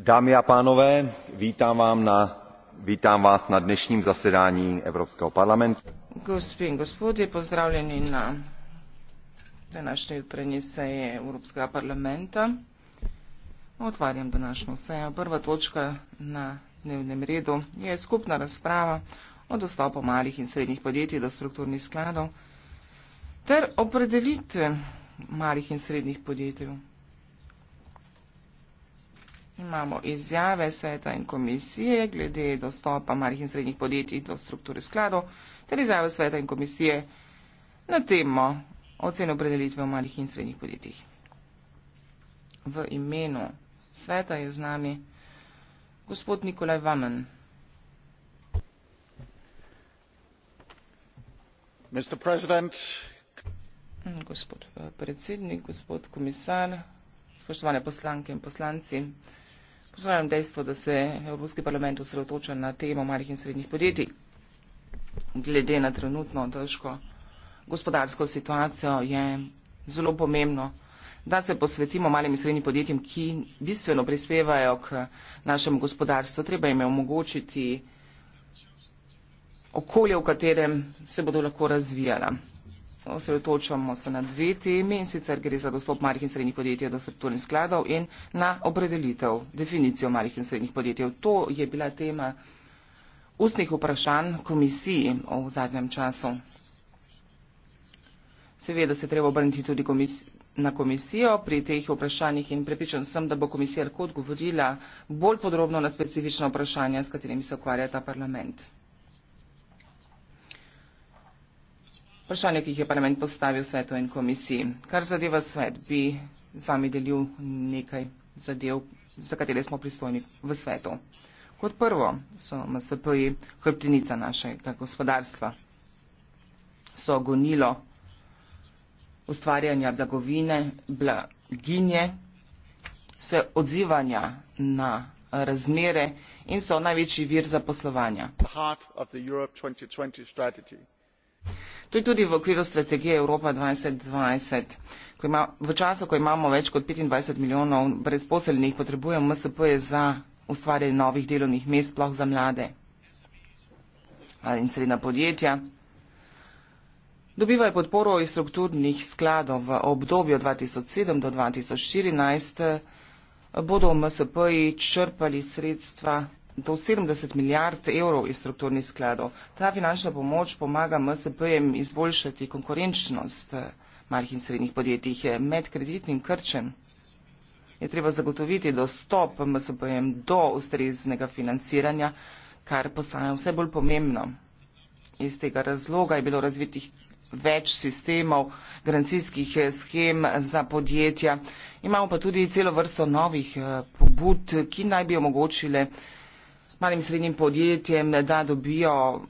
dámy a pánové vítám vás na dnešním zasedání evropského parlamentu. gospe in gospodje pozdravljeni na današnji jutranji seji evropskega parlamenta. otvarjam današnjo sejo. prva točka na dnevnem redu je skupna razprava o dostopu malih in srednjih podjetij do strukturnih skladov ter opredelitve malih in srednjih podjetij Imamo izjave sveta in komisije glede dostopa malih in srednjih podjetij do strukture skladov ter izjave sveta in komisije na temo ocene opredelitve v malih in srednjih podjetjih. V imenu sveta je z nami gospod Nikolaj Vamen. Gospod eh, predsednik, gospod komisar, spoštovane poslanke in poslanci. Pozdravljam dejstvo, da se Evropski parlament osredotoča na temo malih in srednjih podjetij. Glede na trenutno težko gospodarsko situacijo je zelo pomembno, da se posvetimo malim in srednjim podjetjem, ki bistveno prispevajo k našemu gospodarstvu. Treba jim je omogočiti okolje, v katerem se bodo lahko razvijala osredotočamo se na dve temi in sicer gre za dostop malih in srednjih podjetij do strukturnih skladov in na opredelitev, definicijo malih in srednjih podjetij. To je bila tema ustnih vprašanj komisiji v zadnjem času. Seveda se treba obrniti tudi komisi na komisijo pri teh vprašanjih in prepričan sem, da bo komisija lahko odgovorila bolj podrobno na specifična vprašanja, s katerimi se ukvarja ta parlament. vprašanja, ki jih je parlament postavil svetu in komisiji. Kar zadeva svet, bi z vami delil nekaj zadev, za katere smo pristojni v svetu. Kot prvo so MSP-ji hrbtenica našega gospodarstva, so gonilo ustvarjanja blagovine, blaginje, se odzivanja na razmere in so največji vir za poslovanja. To je tudi v okviru strategije Evropa 2020. Ko ima, v času, ko imamo več kot 25 milijonov brezposelnih, potrebujemo MSP-je za ustvarjanje novih delovnih mest, sploh za mlade in srednja podjetja. Dobivajo podporo iz strukturnih skladov v obdobju 2007 do 2014. Bodo MSP-ji črpali sredstva do 70 milijard evrov iz strukturnih skladov. Ta finančna pomoč pomaga MSP-jem izboljšati konkurenčnost eh, malih in srednjih podjetij. Med kreditnim krčem je treba zagotoviti dostop MSP-jem do ustreznega financiranja, kar postaja vse bolj pomembno. Iz tega razloga je bilo razvitih več sistemov, garancijskih eh, schem za podjetja. Imamo pa tudi celo vrsto novih eh, pobud, ki naj bi omogočile malim srednjim podjetjem, da dobijo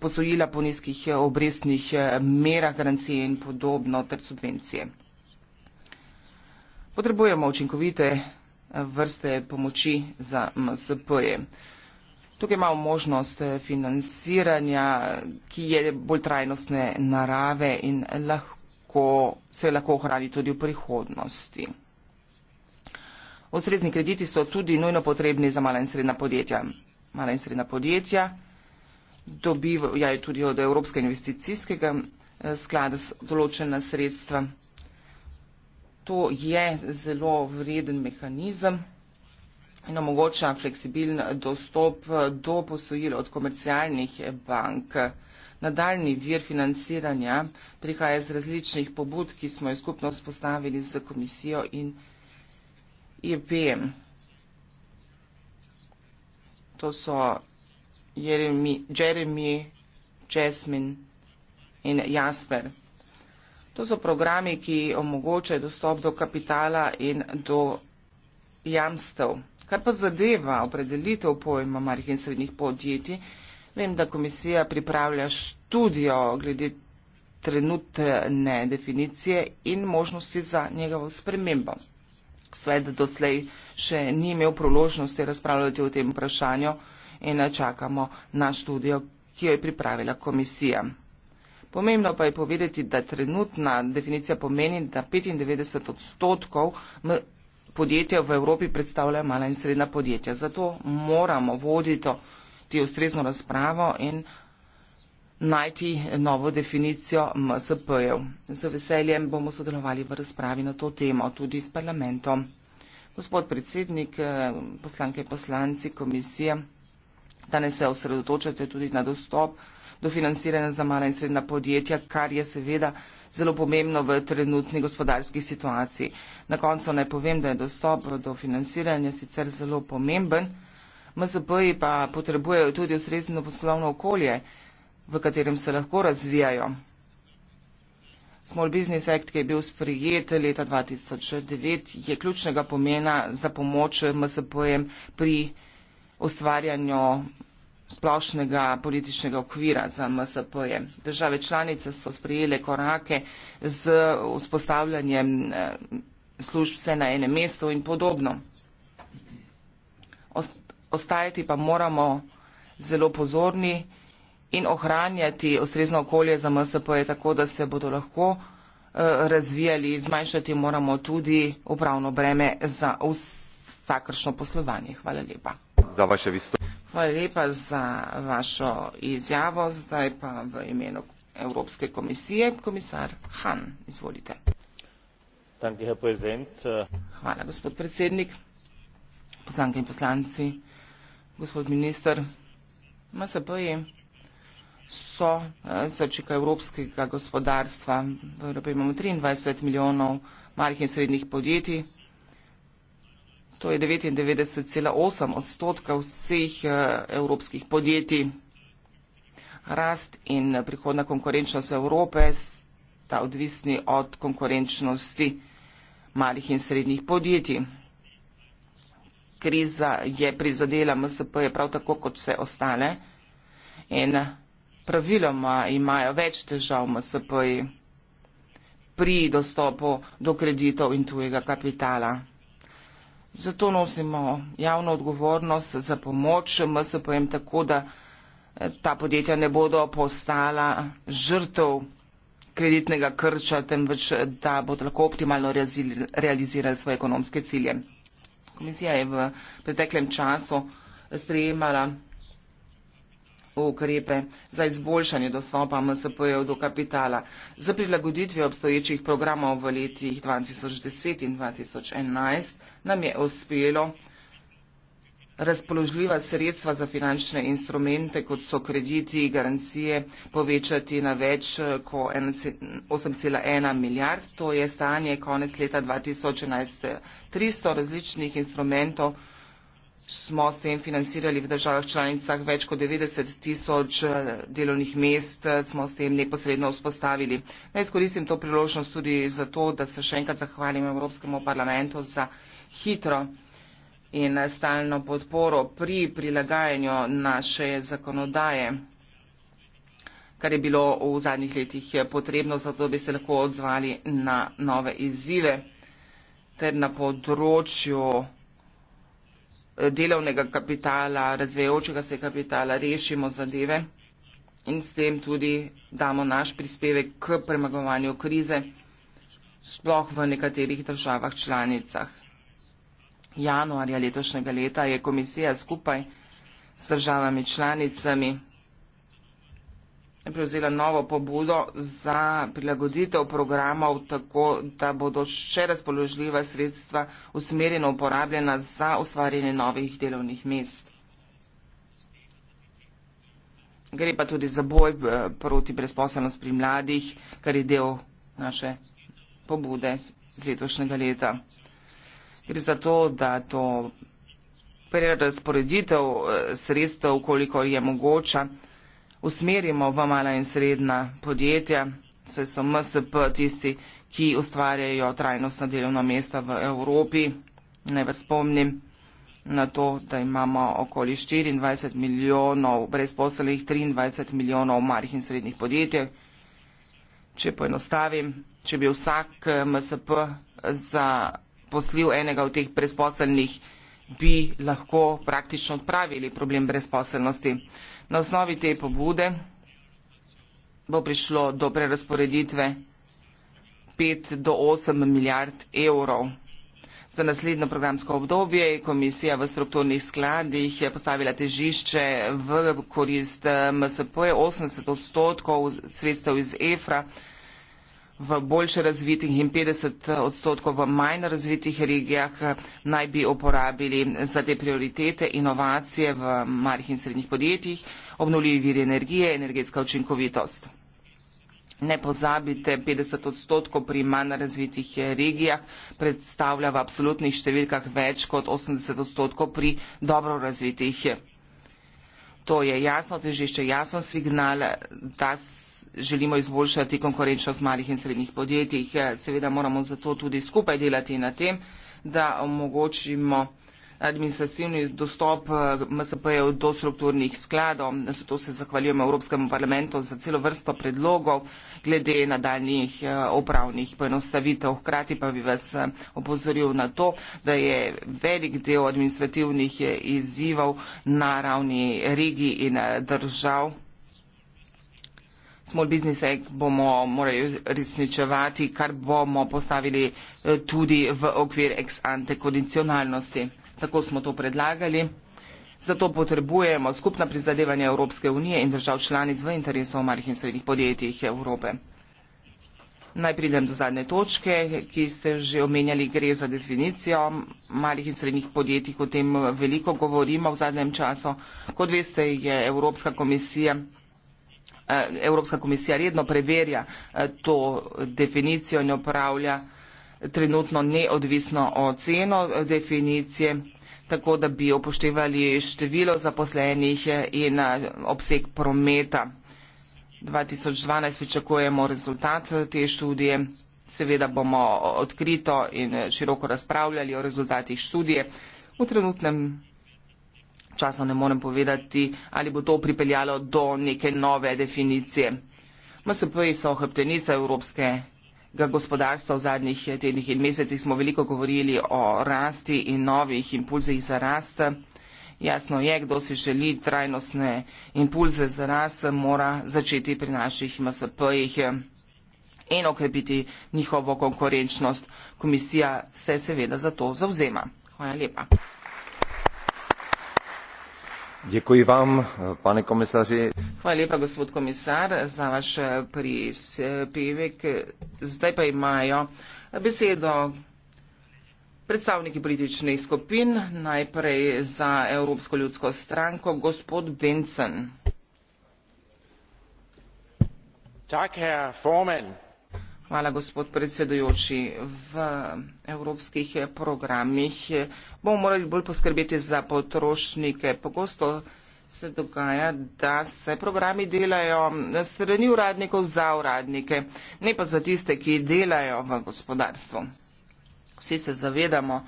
posojila po nizkih obrestnih eh, merah, garancije in podobno ter subvencije. Potrebujemo učinkovite eh, vrste pomoči za MSP-je. Tukaj imamo možnost eh, financiranja, ki je bolj trajnostne narave in lahko, se lahko ohrani tudi v prihodnosti. Ostrezni krediti so tudi nujno potrebni za mala in srednja podjetja mala in srednja podjetja, dobivajo tudi od Evropske investicijskega eh, sklada določena sredstva. To je zelo vreden mehanizem in omogoča fleksibilen dostop eh, do posojil od komercialnih eh, bank. Nadaljni vir financiranja prihaja iz različnih pobud, ki smo jih skupno vzpostavili z komisijo in IPM. E to so Jeremi, Jeremy, Jasmine in Jasper. To so programi, ki omogočajo dostop do kapitala in do jamstev. Kar pa zadeva opredelitev pojma malih in srednjih podjetij, vem, da komisija pripravlja študijo glede trenutne definicije in možnosti za njegovo spremembo svet doslej še ni imel proložnosti razpravljati o tem vprašanju in čakamo na študijo, ki jo je pripravila komisija. Pomembno pa je povedati, da trenutna definicija pomeni, da 95 odstotkov podjetja v Evropi predstavljajo mala in srednja podjetja. Zato moramo voditi ustrezno razpravo in najti novo definicijo MSP-jev. Z veseljem bomo sodelovali v razpravi na to temo tudi s parlamentom. Gospod predsednik, eh, poslanke, poslanci, komisije, danes se osredotočate tudi na dostop do financiranja za mala in srednja podjetja, kar je seveda zelo pomembno v trenutni gospodarski situaciji. Na koncu naj povem, da je dostop do financiranja sicer zelo pomemben, MSP-ji pa potrebujejo tudi ustrezno poslovno okolje v katerem se lahko razvijajo. Small Business Act, ki je bil sprijet leta 2009, je ključnega pomena za pomoč MSP-jem pri ustvarjanju splošnega političnega okvira za MSP-je. Države članice so sprijele korake z vzpostavljanjem eh, služb vse na enem mestu in podobno. Ostajati pa moramo zelo pozorni in ohranjati ustrezno okolje za MSP je tako, da se bodo lahko eh, razvijali, zmanjšati moramo tudi upravno breme za vsakršno poslovanje. Hvala lepa. Za vaše visto. Hvala lepa za vašo izjavo. Zdaj pa v imenu Evropske komisije, komisar Han, izvolite. Hvala, gospod predsednik, poslanke in poslanci, gospod minister, MSP je so eh, srčika evropskega gospodarstva. V Evropi imamo 23 milijonov malih in srednjih podjetij. To je 99,8 odstotka vseh eh, evropskih podjetij. Rast in prihodna konkurenčnost Evrope sta odvisni od konkurenčnosti malih in srednjih podjetij. Kriza je prizadela MSP je prav tako kot vse ostale in praviloma imajo več težav MSP-ji pri dostopu do kreditov in tujega kapitala. Zato nosimo javno odgovornost za pomoč MSP-jem tako, da eh, ta podjetja ne bodo postala žrtev kreditnega krča, temveč da bodo lahko optimalno realizirali svoje ekonomske cilje. Komisija je v preteklem času sprejemala ukrepe za izboljšanje dostopa MSP-jev do kapitala z prilagoditvijo obstoječih programov v letih 2010 in 2011 nam je uspelo razpoložljiva sredstva za finančne instrumente, kot so krediti in garancije, povečati na več kot 8,1 milijard. To je stanje konec leta 2011. 300 različnih instrumentov smo s tem financirali v državah članicah več kot 90 tisoč eh, delovnih mest, eh, smo s tem neposredno vzpostavili. Naj izkoristim to priložnost tudi zato, da se še enkrat zahvalim Evropskemu parlamentu za hitro in stalno podporo pri prilagajanju naše zakonodaje, kar je bilo v zadnjih letih eh, potrebno, zato bi se lahko odzvali na nove izzive ter na področju delovnega kapitala, razvejočega se kapitala, rešimo zadeve in s tem tudi damo naš prispevek k premagovanju krize, sploh v nekaterih državah članicah. Januarja letošnjega leta je komisija skupaj s državami članicami prevzela novo pobudo za prilagoditev programov tako, da bodo še razpoložljiva sredstva usmerjeno uporabljena za ustvarjanje novih delovnih mest. Gre pa tudi za boj eh, proti brezposelnosti pri mladih, kar je del naše pobude z letošnjega leta. Gre za to, da to prerazporeditev eh, sredstev, koliko je mogoča, usmerimo v mala in srednja podjetja, saj so MSP tisti, ki ustvarjajo trajnostna delovna mesta v Evropi. Naj vas spomnim na to, da imamo okoli 24 milijonov brezposelnih, 23 milijonov malih in srednjih podjetij. Če poenostavim, če bi vsak MSP zaposlil enega od teh brezposelnih, bi lahko praktično odpravili problem brezposelnosti. Na osnovi te pobude bo prišlo do prerasporeditve 5 do 8 milijard evrov. Za naslednjo programsko obdobje komisija v strukturnih skladih je postavila težišče v korist eh, MSP 80 odstotkov sredstev iz EFRA v bolj razvitih in 50 odstotkov v manj razvitih regijah eh, naj bi uporabili za te prioritete inovacije v malih in srednjih podjetjih, obnovljivi viri energije, energetska učinkovitost. Ne pozabite, 50 odstotkov pri manj razvitih eh, regijah predstavlja v absolutnih številkah več kot 80 odstotkov pri dobro razvitih. To je jasno težišče, jasen signal, da se želimo izboljšati konkurenčnost malih in srednjih podjetij. Eh, seveda moramo zato tudi skupaj delati na tem, da omogočimo administrativni dostop eh, MSP-jev do strukturnih skladov. Zato se zahvaljujemo Evropskemu parlamentu za celo vrsto predlogov glede nadaljnih eh, upravnih poenostavitev. Hkrati pa bi vas opozoril na to, da je velik del administrativnih izzivov na ravni regij in držav Small Business Act bomo morali resničevati, kar bomo postavili eh, tudi v okvir ex ante kondicionalnosti. Tako smo to predlagali. Zato potrebujemo skupna prizadevanja Evropske unije in držav članic v interesu o malih in srednjih podjetjih Evrope. Naj pridem do zadnje točke, ki ste že omenjali, gre za definicijo malih in srednjih podjetij, o tem veliko govorimo v zadnjem času. Kot veste, je Evropska komisija Eh, Evropska komisija redno preverja eh, to definicijo in opravlja trenutno neodvisno oceno eh, definicije, tako da bi upoštevali število zaposlenih in obseg prometa. 2012 pričakujemo rezultat te študije. Seveda bomo odkrito in široko razpravljali o rezultatih študije. V trenutnem časa ne morem povedati, ali bo to pripeljalo do neke nove definicije. MSP so hrbtenica evropske. Gospodarstvo v zadnjih tednih in mesecih smo veliko govorili o rasti in novih impulzih za rast. Jasno je, kdo si želi trajnostne impulze za rast, mora začeti pri naših MSP-jih in okrepiti njihovo konkurenčnost. Komisija se seveda za to zauzema. Hvala lepa. Děkuji vám, pane komisaři. Hvala lepa, gospod komisar, za vaš eh, prispevek. Zdaj pa imajo besedo predstavniki političnih skupin, najprej za Evropsko ljudsko stranko, gospod Bencen. Tak, herr Formann. Hvala, gospod predsedujoči. V evropskih programih bomo morali bolj poskrbeti za potrošnike. Pogosto se dogaja, da se programi delajo strani uradnikov za uradnike, ne pa za tiste, ki delajo v gospodarstvu. Vsi se zavedamo,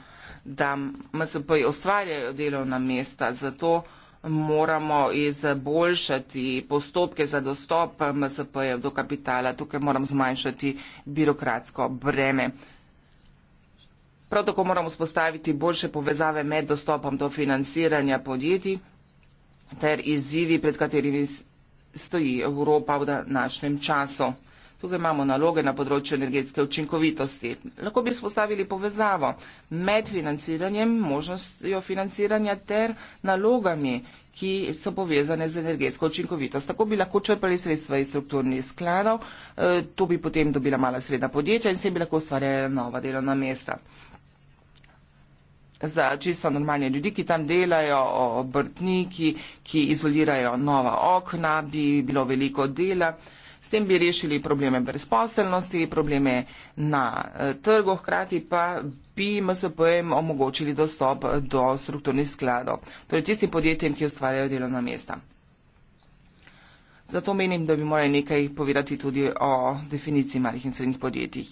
da MSP ustvarjajo delovna mesta, zato moramo izboljšati postopke za dostop MSP-jev do kapitala. Tukaj moram zmanjšati birokratsko breme. Prav tako moramo spostaviti boljše povezave med dostopom do financiranja podjetij ter izzivi, pred katerimi stoji Evropa v današnjem času. Tukaj imamo naloge na področju energetske učinkovitosti. Lahko bi spostavili povezavo med financiranjem, možnostjo financiranja ter nalogami, ki so povezane z energetsko učinkovitost. Tako bi lahko črpali sredstva iz strukturnih skladov, eh, to bi potem dobila mala sredna podjetja in s tem bi lahko ustvarjala nova delovna mesta. Za čisto normalne ljudi, ki tam delajo, obrtniki, ki izolirajo nova okna, bi bilo veliko dela. S tem bi rešili probleme brezposelnosti, probleme na eh, trgu, hkrati pa bi MSP-jem omogočili dostop do strukturnih skladov, torej tistim podjetjem, ki ustvarjajo delovna mesta. Zato menim, da bi morali nekaj povedati tudi o definiciji malih in srednjih podjetij.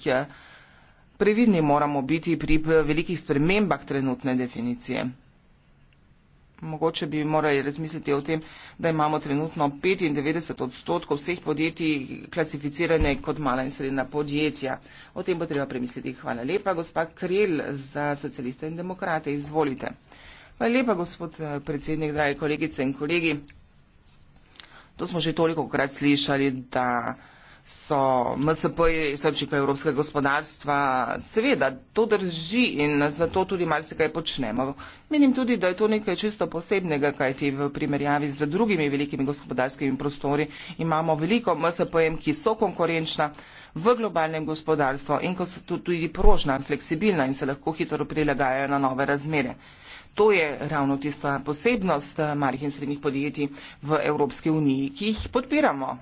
Previdni moramo biti pri velikih spremembah trenutne definicije. Mogoče bi morali razmisliti o tem, da imamo trenutno 95 odstotkov vseh podjetij klasificirane kot mala in srednja podjetja. O tem bo treba premisliti. Hvala lepa, gospa Krel za socialiste in demokrate. Izvolite. Hvala lepa, gospod eh, predsednik, dragi kolegice in kolegi. To smo že toliko krat slišali, da so MSP in srčika evropskega gospodarstva. Seveda, to drži in zato tudi marsikaj počnemo. Menim tudi, da je to nekaj čisto posebnega, kajti v primerjavi z drugimi velikimi gospodarskimi prostori imamo veliko MSP-jem, ki so konkurenčna v globalnem gospodarstvu in ko so tudi prožna, fleksibilna in se lahko hitro prilagajajo na nove razmere. To je ravno tista posebnost eh, malih in srednjih podjetij v Evropski uniji, ki jih podpiramo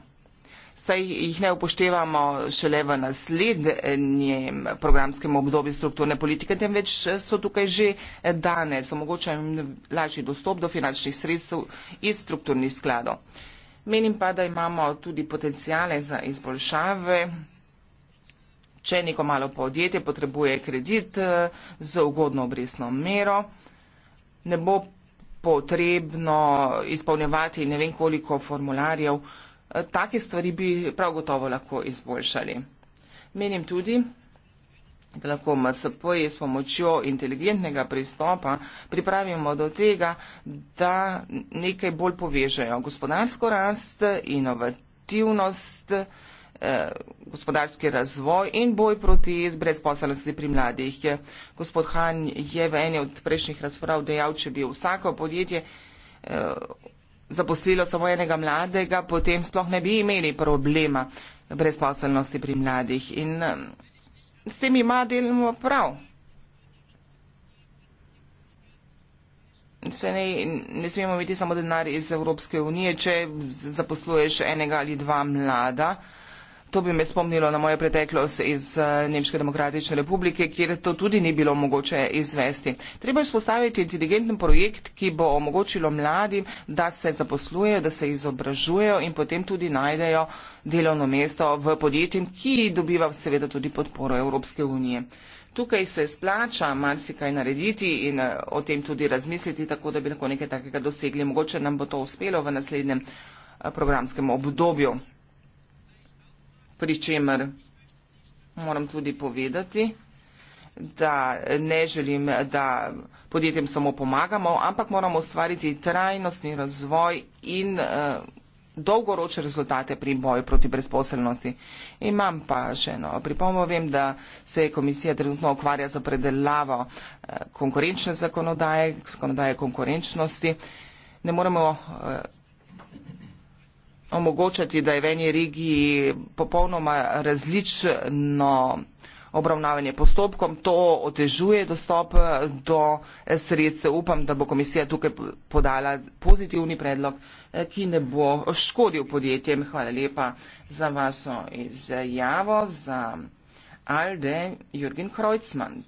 saj jih ne upoštevamo šele v naslednjem programskem obdobju strukturne politike, temveč so tukaj že danes, omogočajo jim lažji dostop do finančnih sredstev iz strukturnih skladov. Menim pa, da imamo tudi potencijale za izboljšave. Če neko malo podjetje potrebuje kredit eh, z ugodno obresno mero, ne bo potrebno izpolnjevati ne vem koliko formularjev, Eh, take stvari bi prav gotovo lahko izboljšali. Menim tudi, da lahko MSP-ji s pomočjo inteligentnega pristopa pripravimo do tega, da nekaj bolj povežejo gospodarsko rast, inovativnost, eh, gospodarski razvoj in boj proti brezposelnosti pri mladih. Gospod Han je v eni od prejšnjih razprav dejal, če bi vsako podjetje eh, zaposlilo samo enega mladega, potem sploh ne bi imeli problema brezposelnosti pri mladih. In eh, s tem ima delno prav. Se ne, ne smemo imeti samo denar iz Evropske unije, če zaposluješ enega ali dva mlada. To bi me spomnilo na mojo preteklost iz eh, Nemške demokratične republike, kjer to tudi ni bilo mogoče izvesti. Treba izpostaviti inteligenten projekt, ki bo omogočilo mladim, da se zaposlujejo, da se izobražujejo in potem tudi najdejo delovno mesto v podjetjem, ki dobiva seveda tudi podporo Evropske unije. Tukaj se splača marsikaj narediti in eh, o tem tudi razmisliti, tako da bi lahko nekaj takega dosegli. Mogoče nam bo to uspelo v naslednjem eh, programskem obdobju pri čemer moram tudi povedati, da ne želim, da podjetjem samo pomagamo, ampak moramo ustvariti trajnostni razvoj in uh, dolgoročne rezultate pri boju proti brezposelnosti. Imam pa še eno pripombo, vem, da se je komisija trenutno ukvarja za predelavo uh, konkurenčne zakonodaje, zakonodaje konkurenčnosti. Ne moremo uh, omogočati, da je v eni regiji popolnoma različno obravnavanje postopkom, to otežuje dostop do sredstev. Upam, da bo komisija tukaj podala pozitivni predlog, ki ne bo škodil podjetjem. Hvala lepa za vašo izjavo, za Alde Jürgen Kreuzmann.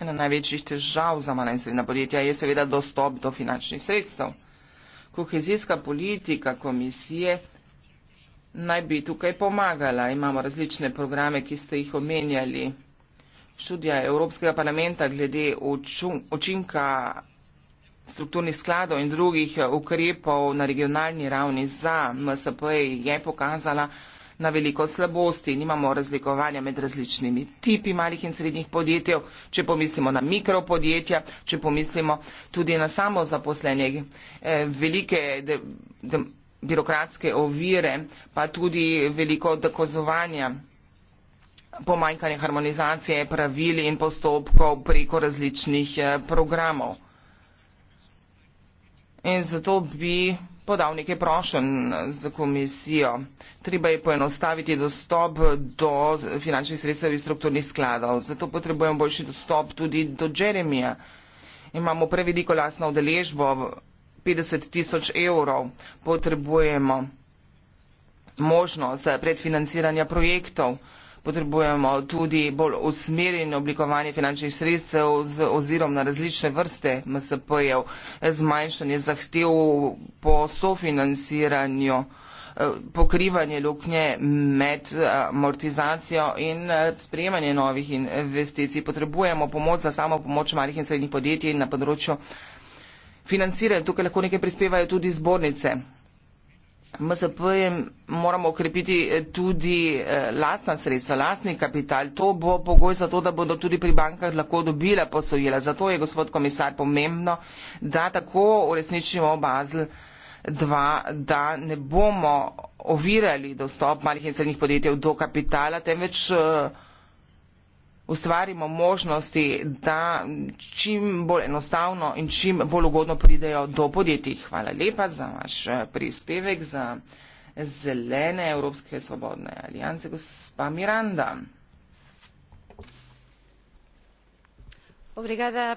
Ena največjih težav za mala in srednja podjetja je seveda dostop do finančnih sredstev kohezijska politika komisije naj bi tukaj pomagala. Imamo različne programe, ki ste jih omenjali. Študija Evropskega parlamenta glede očinka strukturnih skladov in drugih ukrepov na regionalni ravni za MSP je pokazala, na veliko slabosti. Nimamo razlikovanja med različnimi tipi malih in srednjih podjetij, če pomislimo na mikropodjetja, če pomislimo tudi na samo zaposlenje. Eh, velike de, de, birokratske ovire, pa tudi veliko dokazovanja pomanjkanje harmonizacije pravil in postopkov preko različnih eh, programov. In zato bi podal nekaj prošen za komisijo. Treba je poenostaviti dostop do finančnih sredstev iz strukturnih skladov. Zato potrebujem boljši dostop tudi do Jeremija. Imamo preveliko lasno udeležbo, 50 tisoč evrov potrebujemo možnost predfinanciranja projektov potrebujemo tudi bolj usmerjeno oblikovanje finančnih sredstev z ozirom na različne vrste MSP-jev, zmanjšanje zahtev po sofinansiranju eh, pokrivanje luknje med eh, amortizacijo in eh, sprejemanje novih investicij. Potrebujemo pomoč za samo pomoč malih in srednjih podjetij na področju financiranja. Tukaj lahko nekaj prispevajo tudi zbornice. MSP moramo okrepiti eh, tudi eh, lastna sredstva, lastni kapital. To bo pogoj za to, da bodo tudi pri bankah lahko dobile posojila. Zato je, gospod komisar, pomembno, da tako uresničimo bazl. Dva, da ne bomo ovirali dostop malih in srednjih podjetij do kapitala, temveč uh, ustvarimo možnosti, da čim bolj enostavno in čim bolj ugodno pridejo do podjetij. Hvala lepa za vaš eh, prispevek za zelene Evropske svobodne alijance, gospa Miranda. Obrigada,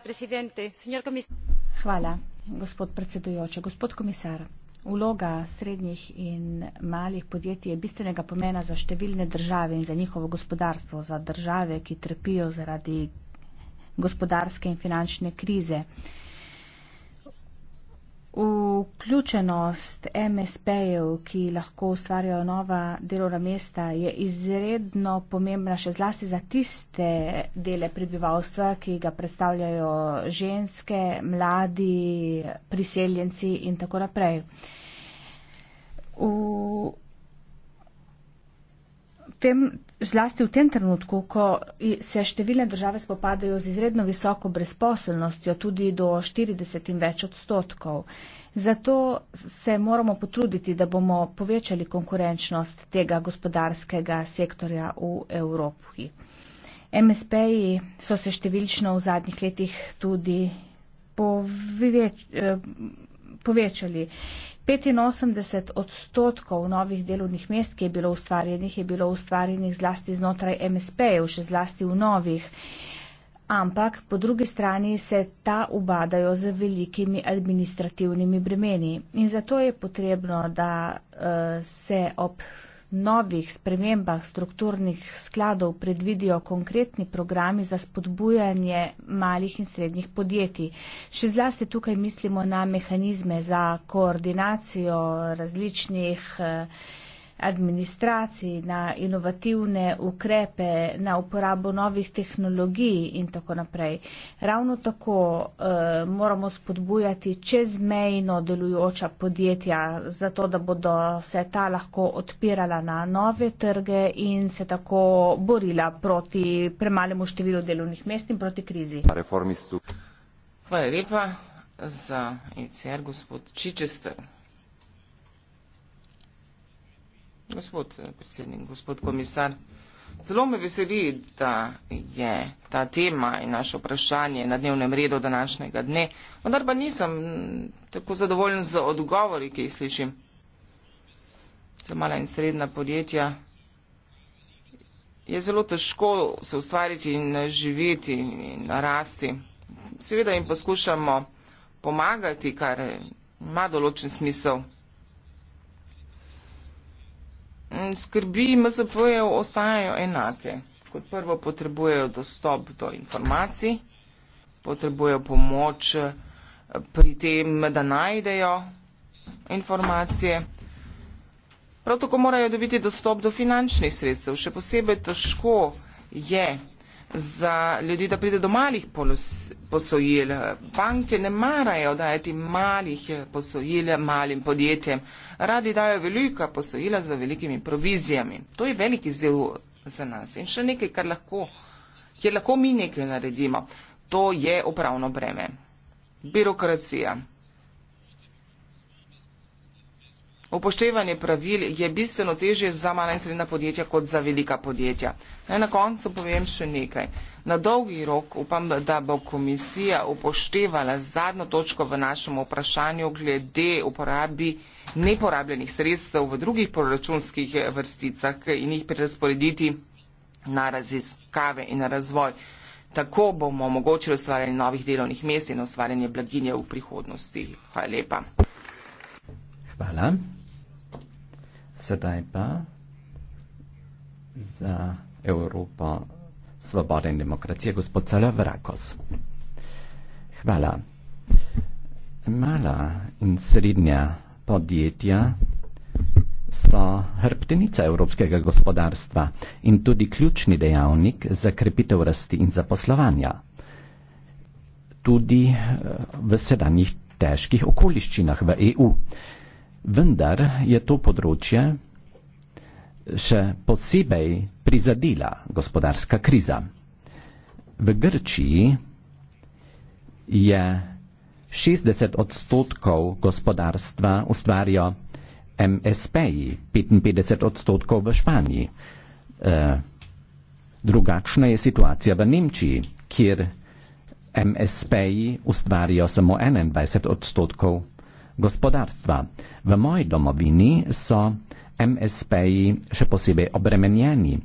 Hvala, gospod predsedujoče, gospod komisar. Vloga srednjih in malih podjetij je bistvenega pomena za številne države in za njihovo gospodarstvo, za države, ki trpijo zaradi gospodarske in finančne krize. Vključenost MSP-jev, ki lahko ustvarjajo nova delovna mesta, je izredno pomembna še zlasti za tiste dele prebivalstva, ki ga predstavljajo ženske, mladi, priseljenci in tako naprej. V tem, zlasti v tem trenutku, ko se številne države spopadajo z izredno visoko brezposelnostjo, tudi do 40 in več odstotkov. Zato se moramo potruditi, da bomo povečali konkurenčnost tega gospodarskega sektorja v Evropi. MSP-ji so se številčno v zadnjih letih tudi poveč, eh, povečali. 85 odstotkov novih delovnih mest, ki je bilo ustvarjenih, je bilo ustvarjenih zlasti znotraj MSP-jev, še zlasti v novih. Ampak po drugi strani se ta ubadajo z velikimi administrativnimi bremeni. In zato je potrebno, da uh, se ob novih spremembah strukturnih skladov predvidijo konkretni programi za spodbujanje malih in srednjih podjetij. Še zlasti tukaj mislimo na mehanizme za koordinacijo različnih eh, administraciji, na inovativne ukrepe, na uporabo novih tehnologij in tako naprej. Ravno tako eh, moramo spodbujati čezmejno delujoča podjetja, zato da bodo se ta lahko odpirala na nove trge in se tako borila proti premalemu številu delovnih mest in proti krizi. Hvala lepa za ECR, gospod Čičester. Gospod eh, predsednik, gospod komisar, zelo me veseli, da je ta tema in naše vprašanje na dnevnem redu današnjega dne, vendar pa nisem tako zadovoljen z odgovori, ki jih slišim. Za mala in srednja podjetja je zelo težko se ustvariti in živeti in rasti. Seveda jim poskušamo pomagati, kar ima določen smisel. Mm, skrbi MSP-jev ostajajo enake. Kot prvo potrebujejo dostop do informacij, potrebujejo pomoč eh, pri tem, da najdejo informacije. Prav tako morajo dobiti dostop do finančnih sredstev. Še posebej težko je za ljudi, da pride do malih posojil. Banke ne marajo dajati malih posojil malim podjetjem. Radi dajo velika posojila za velikimi provizijami. To je veliki zel za nas. In še nekaj, kar lahko, kjer lahko mi nekaj naredimo, to je upravno breme. Birokracija. Upoštevanje pravil je bistveno težje za mala in srednja podjetja kot za velika podjetja. Naj na koncu povem še nekaj. Na dolgi rok upam, da bo komisija upoštevala zadnjo točko v našem vprašanju glede uporabi neporabljenih sredstev v drugih proračunskih vrsticah in jih prerasporediti na raziskave in na razvoj. Tako bomo omogočili ustvarjanje novih delovnih mest in ustvarjanje blaginje v prihodnosti. Hvala lepa. Hvala. Sedaj pa za Evropo svobode in demokracije gospod Celev Rakos. Hvala. Mala in srednja podjetja so hrbtenica evropskega gospodarstva in tudi ključni dejavnik za krepitev rasti in zaposlovanja. Tudi eh, v sedanjih težkih okoliščinah v EU vendar je to področje še posebej prizadela gospodarska kriza. V Grčiji je 60 odstotkov gospodarstva ustvarjo MSP-ji, 55 odstotkov v Španiji. E, drugačna je situacija v Nemčiji, kjer MSP-ji ustvarjajo samo 21 odstotkov gospodarstva. V moji domovini so MSP-ji še posebej obremenjeni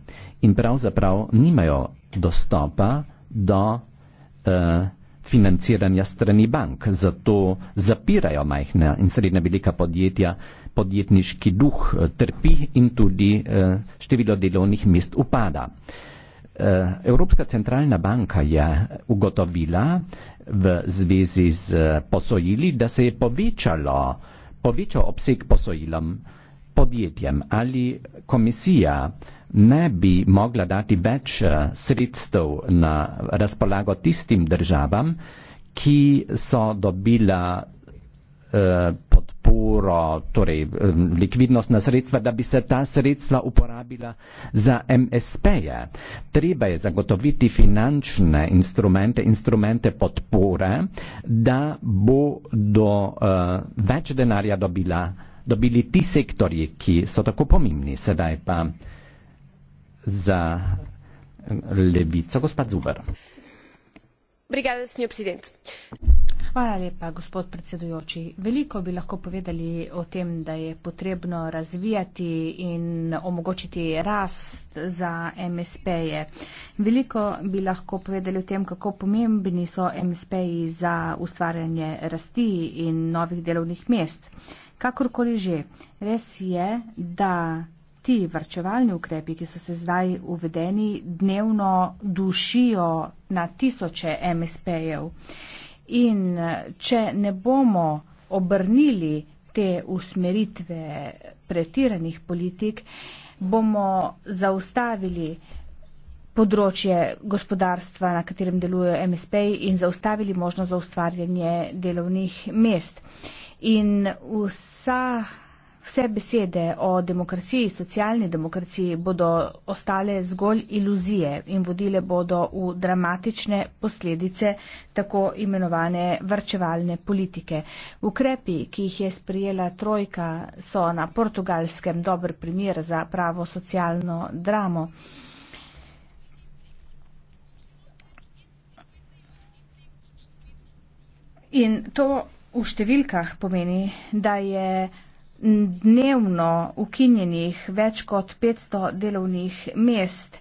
in pravzaprav nimajo dostopa do eh, financiranja strani bank. Zato zapirajo majhna in srednja velika podjetja, podjetniški duh eh, trpi in tudi eh, število delovnih mest upada. Eh, Evropska centralna banka je ugotovila, v zvezi z eh, posojili, da se je povečalo, povečal obseg posojilom podjetjem ali komisija ne bi mogla dati več eh, sredstev na razpolago tistim državam, ki so dobila eh, podporo, torej likvidnostna sredstva, da bi se ta sredstva uporabila za MSP-je. Treba je zagotoviti finančne instrumente, instrumente podpore, da bo do uh, eh, več denarja dobila, dobili ti sektorji, ki so tako pomembni. Sedaj pa za levico, gospod Zuber. Obrigada, senhor presidente. Hvala lepa, gospod predsedujoči. Veliko bi lahko povedali o tem, da je potrebno razvijati in omogočiti rast za MSP-je. Veliko bi lahko povedali o tem, kako pomembni so MSP-ji za ustvarjanje rasti in novih delovnih mest. Kakorkoli že, res je, da. Ti vrčevalni ukrepi, ki so se zdaj uvedeni, dnevno dušijo na tisoče MSP-jev. In eh, če ne bomo obrnili te usmeritve pretiranih politik, bomo zaustavili področje gospodarstva, na katerem delujejo MSP in zaustavili možnost za ustvarjanje delovnih mest. In vsa Vse besede o demokraciji, socialni demokraciji bodo ostale zgolj iluzije in vodile bodo v dramatične posledice tako imenovane vrčevalne politike. Ukrepi, ki jih je sprijela trojka, so na portugalskem dober primer za pravo socialno dramo. In to v številkah pomeni, da je dnevno ukinjenih več kot 500 delovnih mest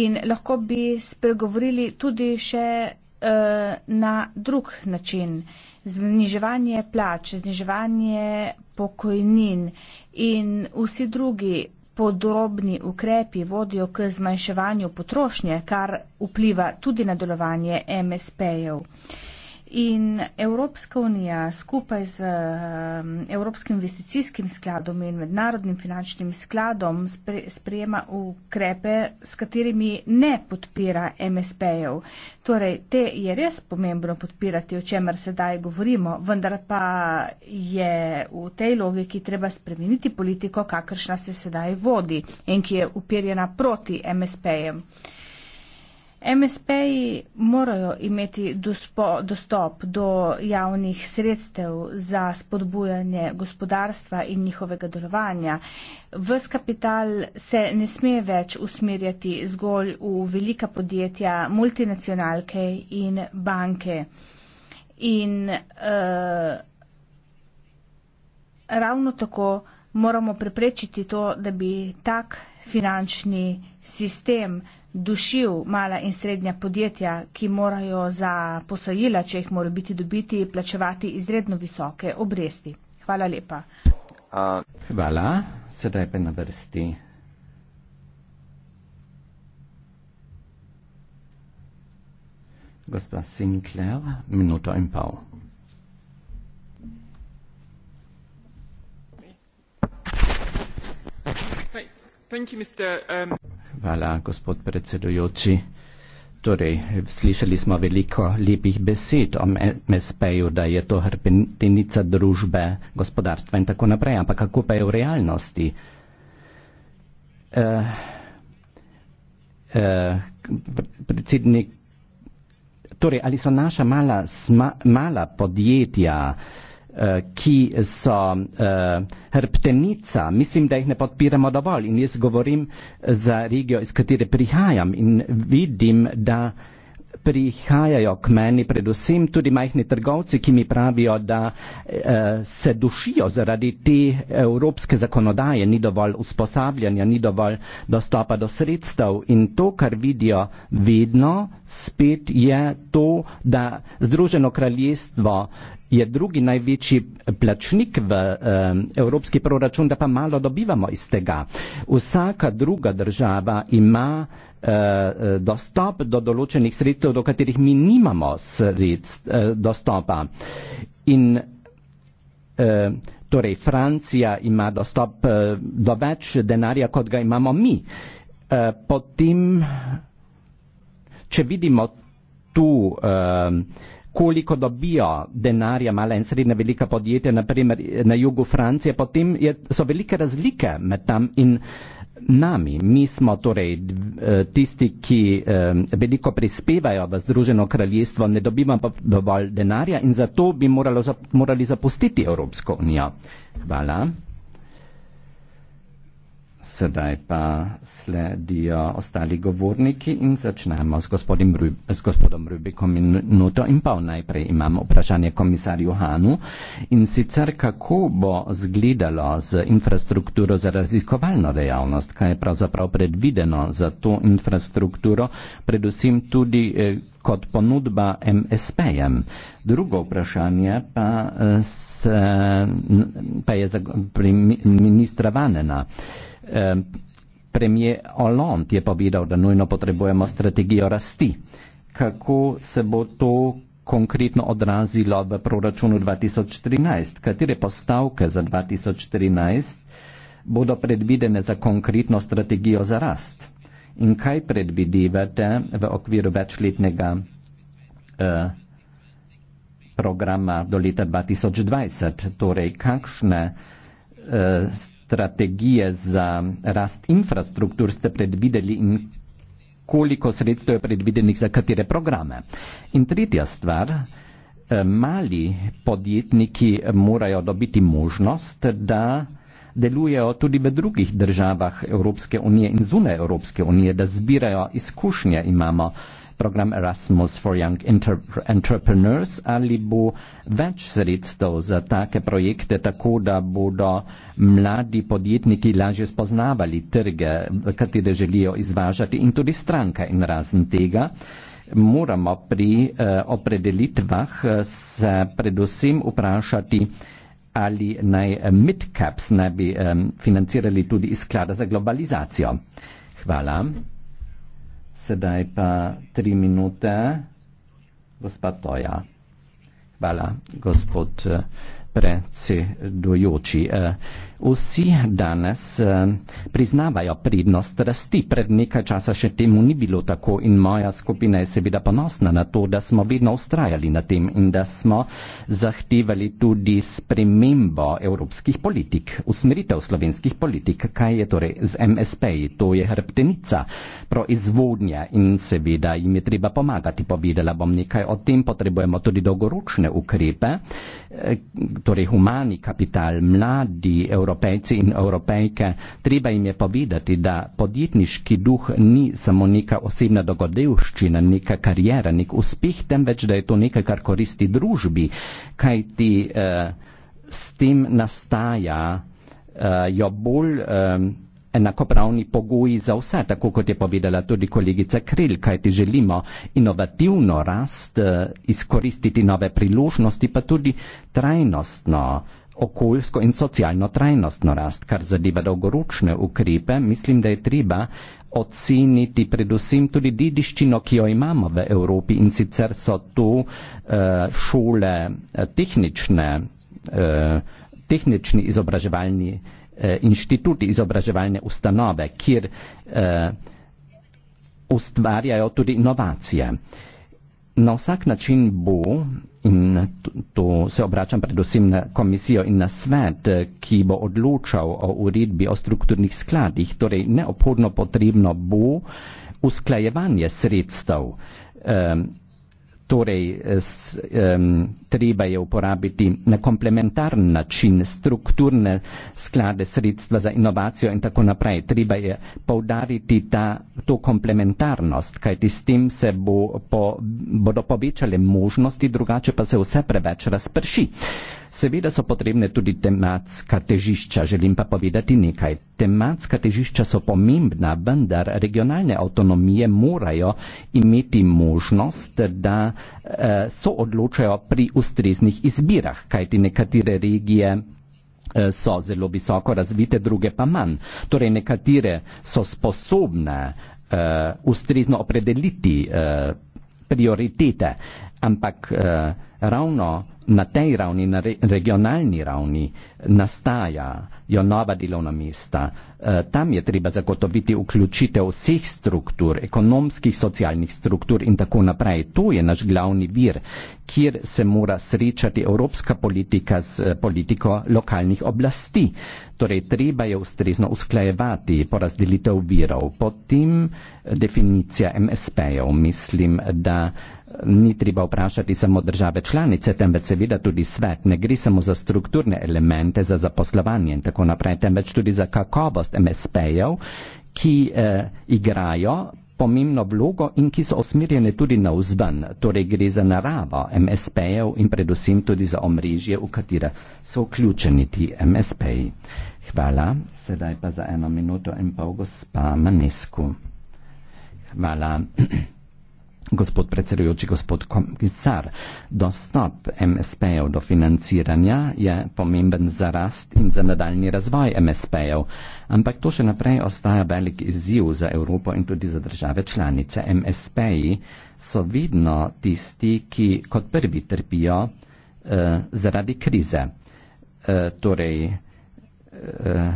in lahko bi spregovorili tudi še eh, na drug način. Zniževanje plač, zniževanje pokojnin in vsi drugi podrobni ukrepi vodijo k zmanjševanju potrošnje, kar vpliva tudi na delovanje MSP-jev. In Evropska unija skupaj z um, Evropskim investicijskim skladom in mednarodnim finančnim skladom sprejema ukrepe, s katerimi ne podpira MSP-jev. Torej, te je res pomembno podpirati, o čemer sedaj govorimo, vendar pa je v tej logiki treba spremeniti politiko, kakršna se sedaj vodi in ki je upirjena proti MSP-jem. MSP-ji morajo imeti dospo, dostop do javnih sredstev za spodbujanje gospodarstva in njihovega delovanja. Ves kapital se ne sme več usmerjati zgolj v velika podjetja, multinacionalke in banke. In uh, ravno tako moramo preprečiti to, da bi tak finančni sistem dušil mala in srednja podjetja, ki morajo za posojila, če jih morajo biti dobiti, plačevati izredno visoke obresti. Hvala lepa. Hvala. Sedaj pa na vrsti. Gospa Sinclair, minuto in pol. Thank you, Mr. Um... Hvala, gospod predsedujoči. Torej, slišali smo veliko lepih besed o MSP-ju, da je to hrbtenica družbe, gospodarstva in tako naprej, ampak kako pa je v realnosti? Uh, uh, torej, ali so naša mala, sma, mala podjetja uh, Eh, ki so uh, hrbtenica, mislim, da jih ne podpiramo dovolj. In jaz govorim za regijo, iz katere prihajam in vidim, da prihajajo k meni predvsem tudi majhni trgovci, ki mi pravijo, da uh, se dušijo zaradi te evropske zakonodaje, ni dovolj usposabljanja, ni dovolj dostopa do sredstev. In to, kar vidijo vedno, spet je to, da Združeno kraljestvo je drugi največji plačnik v um, evropski proračun, da pa malo dobivamo iz tega. Vsaka druga država ima eh, dostop do določenih sredstev, do katerih mi nimamo sredst, eh, dostopa. In eh, torej Francija ima dostop do več denarja, kot ga imamo mi. Potem, če vidimo tu koliko dobijo denarja mala in srednja velika podjetja, naprimer na jugu Francije, potem je, so velike razlike med tam in nami. Mi smo torej eh, tisti, ki eh, veliko prispevajo v Združeno kraljestvo, ne dobivamo pa dovolj denarja in zato bi moralo, morali zapustiti Evropsko unijo. Hvala. Sedaj pa sledijo ostali govorniki in začnemo s, Rub, s gospodom Rubikom minuto in pol. Najprej imamo vprašanje komisarju Hanu in sicer kako bo zgledalo z infrastrukturo za raziskovalno dejavnost, kaj je pravzaprav predvideno za to infrastrukturo, predvsem tudi eh, kot ponudba MSP-jem. Drugo vprašanje pa, eh, s, pa je za ministra Vanena premijer Hollande je povedal, da nujno potrebujemo strategijo rasti. Kako se bo to konkretno odrazilo v proračunu 2013? Katere postavke za 2013 bodo predvidene za konkretno strategijo za rast? In kaj predvidevate v okviru večletnega eh, programa do leta 2020? Torej, kakšne eh, strategije za rast infrastruktur ste predvideli in koliko sredstev je predvidenih za katere programe? In tretja stvar, eh, mali podjetniki morajo dobiti možnost, da delujejo tudi v drugih državah Evropske unije in zunaj Evropske unije, da zbirajo izkušnje. Imamo program Erasmus for Young Entrepreneurs ali bo več sredstev za take projekte, tako da bodo mladi podjetniki lažje spoznavali trge, v katere želijo izvažati in tudi stranke in razen tega. Moramo pri uh, opredelitvah eh, se predvsem vprašati, ali naj eh, Midcaps ne bi um, financirali tudi iz sklada za globalizacijo. Hvala. Sedaj pa tri minute. Gospod Toja. Hvala, gospod. Uh, predsedujoči. Eh, vsi danes eh, priznavajo prednost rasti. Pred nekaj časa še temu ni bilo tako in moja skupina je seveda ponosna na to, da smo vedno ustrajali na tem in da smo zahtevali tudi spremembo evropskih politik, usmeritev slovenskih politik. Kaj je torej z MSP? To je hrbtenica, proizvodnja in seveda jim je treba pomagati. Povedala bom nekaj o tem, potrebujemo tudi dolgoročne ukrepe torej humani kapital, mladi evropejci in evropejke, treba jim je povedati, da podjetniški duh ni samo neka osebna dogodevščina, neka karijera, nek uspeh, temveč da je to nekaj, kar koristi družbi, kaj ti eh, s tem nastaja, eh, jo bolj eh, enakopravni pogoji za vse, tako kot je povedala tudi kolegica Kril, kajti želimo inovativno rast, eh, izkoristiti nove priložnosti, pa tudi trajnostno, okoljsko in socialno trajnostno rast, kar zadeva dolgoročne ukrepe, mislim, da je treba oceniti predvsem tudi dediščino, ki jo imamo v Evropi in sicer so to eh, šole eh, tehnične, tehnični izobraževalni Eh, inštituti, izobraževalne ustanove, kjer eh, ustvarjajo tudi inovacije. Na vsak način bo, in tu se obračam predvsem na komisijo in na svet, ki bo odločal o uredbi o strukturnih skladih, torej neopodno potrebno bo usklajevanje sredstev. Eh, torej s, um, treba je uporabiti na komplementaren način strukturne sklade sredstva za inovacijo in tako naprej. Treba je povdariti ta, to komplementarnost, kajti s tem se bo po, bodo povečale možnosti, drugače pa se vse preveč razprši. Uh, Seveda so potrebne tudi tematska težišča, želim pa povedati nekaj. Tematska težišča so pomembna, vendar regionalne avtonomije morajo imeti možnost, da eh, so odločajo pri ustreznih izbirah, kajti nekatere regije eh, so zelo visoko razvite, druge pa manj. Torej nekatere so sposobne uh, ustrezno opredeliti uh, prioritete, ampak uh, ravno na tej ravni, na re, regionalni ravni, nastajajo nova delovna mesta. Eh, tam je treba zagotoviti vključitev vseh struktur, ekonomskih, socialnih struktur in tako naprej. To je naš glavni vir, kjer se mora srečati evropska politika z eh, politiko lokalnih oblasti. Torej, treba je ustrezno usklajevati porazdelitev virov. Potem eh, definicija MSP-jev, mislim, da ni treba vprašati samo države članice, temveč seveda tudi svet. Ne gre samo za strukturne elemente, za zaposlovanje in tako naprej, temveč tudi za kakovost MSP-jev, ki eh, igrajo pomembno vlogo in ki so osmerjene tudi na vzven. Torej gre za naravo MSP-jev in predvsem tudi za omrežje, v katera so vključeni ti MSP-ji. Hvala. Sedaj pa za eno minuto in pol gospa Manesku. Hvala. Gospod predsedujoči, gospod komisar, dostop MSP-jev do financiranja je pomemben za rast in za nadaljni razvoj MSP-jev, ampak to še naprej ostaja velik izziv za Evropo in tudi za države članice. MSP-ji so vidno tisti, ki kot prvi trpijo uh, zaradi krize. Uh, torej, uh,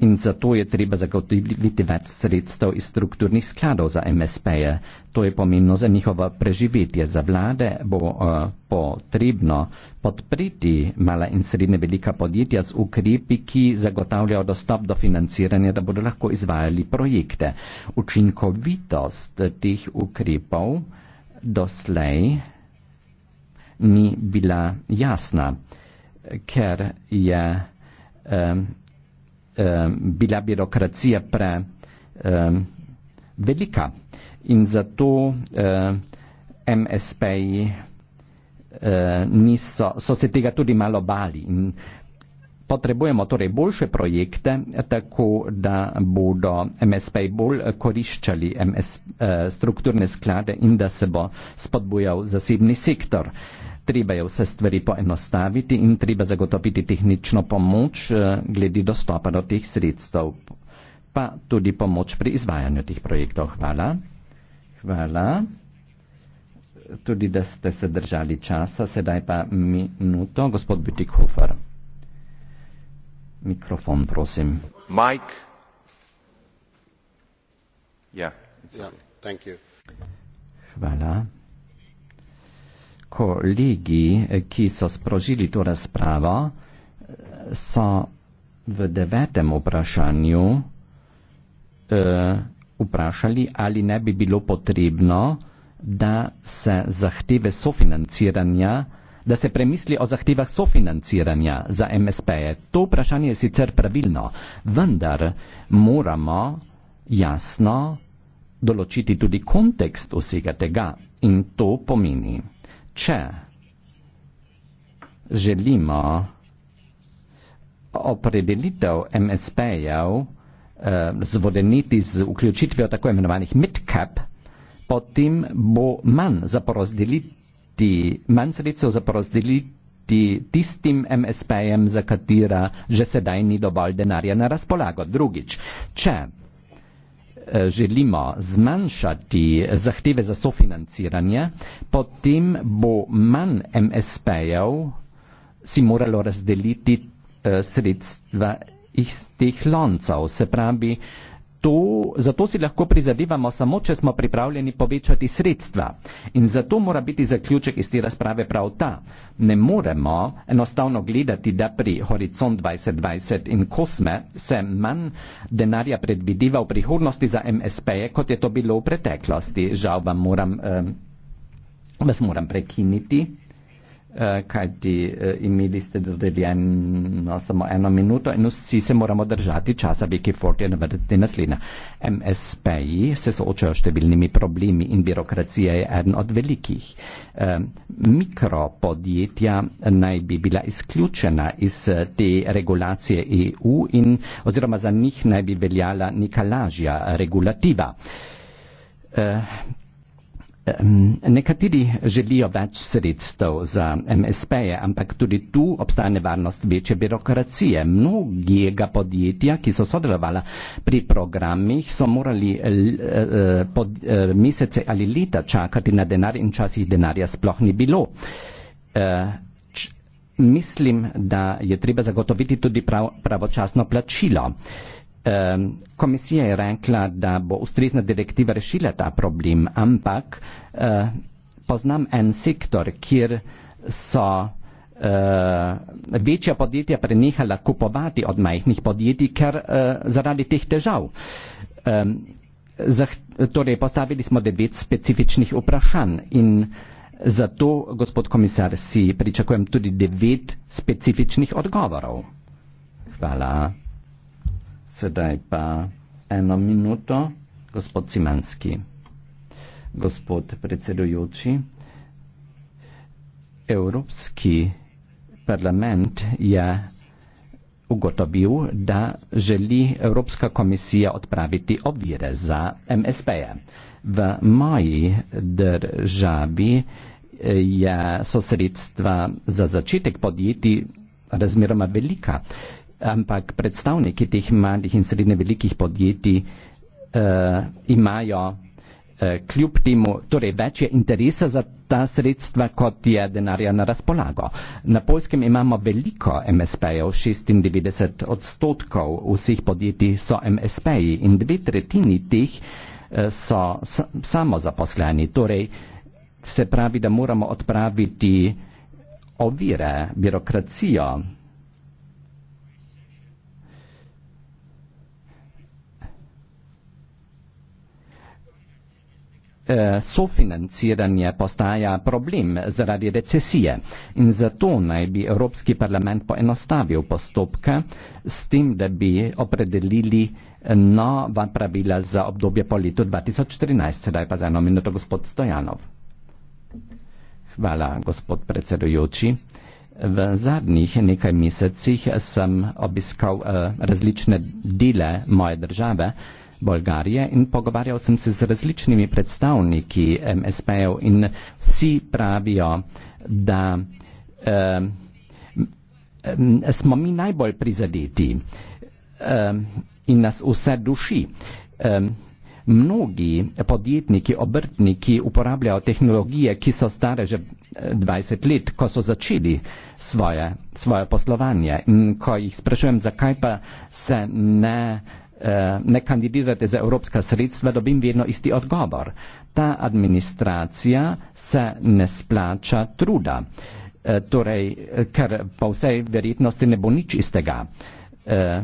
In zato je treba zagotoviti več sredstev iz strukturnih skladov za MSP-je. To je pomembno za njihovo preživetje. Za vlade bo uh, potrebno podpriti mala in srednje velika podjetja z ukrepi, ki zagotavljajo dostop do financiranja, da bodo lahko izvajali projekte. Učinkovitost teh ukrepov doslej ni bila jasna, ker je. Um, Eh, bila birokracija pre eh, velika in zato eh, MSP-ji eh, so se tega tudi malo bali. In potrebujemo torej boljše projekte, tako da bodo MSP-ji bolj koriščali MS, eh, strukturne sklade in da se bo spodbujal zasebni sektor. Eh, Treba je vse stvari poenostaviti in treba zagotoviti tehnično pomoč eh, glede dostopa do teh sredstev, pa tudi pomoč pri izvajanju teh projektov. Hvala. Hvala. Tudi, da ste se držali časa. Sedaj pa minuto. Gospod Butikhofer. Mikrofon, prosim. Mike. Yeah, yeah, thank you. Hvala kolegi, ki so sprožili to razpravo, so v devetem vprašanju eh, vprašali, ali ne bi bilo potrebno, da se zahteve sofinanciranja, da se premisli o zahtevah sofinanciranja za MSP-je. To vprašanje je sicer pravilno, vendar moramo jasno določiti tudi kontekst vsega tega in to pomeni če želimo opredelitev MSP-jev eh, zvodeniti z vključitvijo tako imenovanih mid-cap, potem bo manj za porazdeliti, manj sredstev za porazdeliti tistim MSP-jem, za katera že sedaj ni dovolj denarja na razpolago. Drugič, če Eh, želimo zmanjšati zahteve za sofinanciranje, potem bo manj MSP-jev si moralo razdeliti eh, sredstva iz teh loncev. Se pravi, to, zato si lahko prizadevamo samo, če smo pripravljeni povečati sredstva. In zato mora biti zaključek iz te razprave prav ta. Ne moremo enostavno gledati, da pri Horizont 2020 in Kosme se manj denarja predvideva v prihodnosti za MSP-je, kot je to bilo v preteklosti. Žal vam moram, eh, vas moram prekiniti. Eh, kajti eh, imeli ste dodeljeno samo eno minuto in vsi se moramo držati časa, Viki Ford je navrti naslednja. MSP-ji se soočajo številnimi problemi in birokracija je eden od velikih. Eh, mikropodjetja naj bi bila izključena iz te regulacije EU in oziroma za njih naj bi veljala neka lažja regulativa. Nekateri želijo več sredstev za MSP-je, ampak tudi tu obstaja nevarnost večje birokracije. Mnogega podjetja, ki so sodelovala pri programih, so morali eh, eh, pod eh, mesece ali leta čakati na denar in časih denarja sploh ni bilo. Mislim, da je treba zagotoviti tudi prav, pravočasno plačilo eh, komisija je rekla, da bo ustrezna direktiva rešila ta problem, ampak eh, poznam en sektor, kjer so eh, večja podjetja prenehala kupovati od majhnih podjetij, ker eh, zaradi teh težav. Eh, zah, torej, postavili smo devet specifičnih vprašanj in zato, gospod komisar, si pričakujem tudi devet specifičnih odgovorov. Hvala sedaj pa eno minuto, gospod Cimanski. Gospod predsedujoči, Evropski parlament je ugotovil, da želi Evropska komisija odpraviti ovire za MSP. -je. V moji državi eh, je, so sredstva za začetek podjetij razmeroma velika ampak predstavniki teh malih in srednje velikih podjetij uh, imajo uh, kljub temu, torej več je interesa za ta sredstva, kot je denarja na razpolago. Na Poljskem imamo veliko MSP-jev, 96 odstotkov vseh podjetij so MSP-ji in dve tretjini teh uh, so samo zaposleni. Torej, se pravi, da moramo odpraviti ovire, birokracijo, Eh, sofinanciranje postaja problem zaradi recesije in zato naj bi Evropski parlament poenostavil postopke s tem, da bi opredelili nova pravila za obdobje po letu 2014. Sedaj pa za eno minuto gospod Stojanov. Hvala, gospod predsedujoči. V zadnjih nekaj mesecih sem obiskal uh, različne dele moje države. Bolgarije in pogovarjal sem se z različnimi predstavniki MSP-jev in vsi pravijo, da eh, smo mi najbolj prizadeti eh, in nas vse duši. Eh, mnogi podjetniki, obrtniki uporabljajo tehnologije, ki so stare že 20 eh, let, ko so začeli svoje, svoje poslovanje in ko jih sprašujem, zakaj pa se ne. Eh, ne kandidirate za evropska sredstva, dobim vedno isti odgovor. Ta administracija se ne splača truda, eh, torej, ker po vsej verjetnosti ne bo nič iz tega. Eh,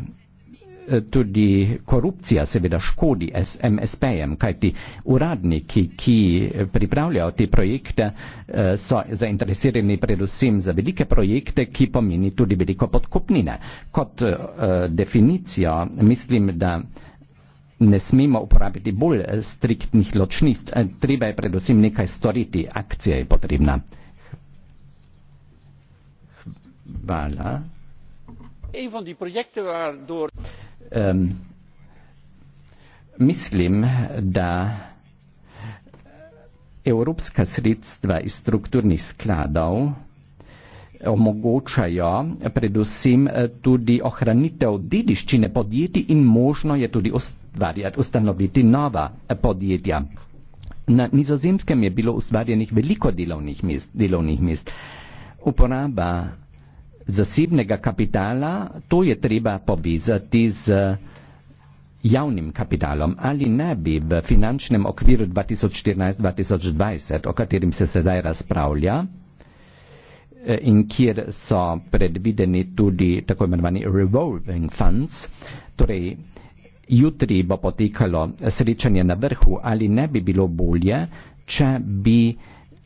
Eh, tudi korupcija seveda škodi MSP-jem, kajti uradniki, ki pripravljajo te projekte, eh, so zainteresirani predvsem za velike projekte, ki pomeni tudi veliko podkopnine. Kot eh, definicijo mislim, da ne smemo uporabiti bolj striktnih ločnic, treba je predvsem nekaj storiti, akcija je potrebna. Hvala. Een van die projecten waardoor um, mislim, da evropska sredstva iz strukturnih skladov omogočajo predvsem eh, tudi ohranitev dediščine podjetij in možno je tudi ustanoviti nova eh, podjetja. Na nizozemskem je bilo ustvarjenih veliko delovnih mest. Delovnih mest. Uporaba zasebnega kapitala, to je treba povezati z javnim kapitalom. Ali ne bi v finančnem okviru 2014-2020, o katerem se sedaj razpravlja eh, in kjer so predvideni tudi tako imenovani revolving funds, torej jutri bo potekalo srečanje na vrhu, ali ne bi bilo bolje, če bi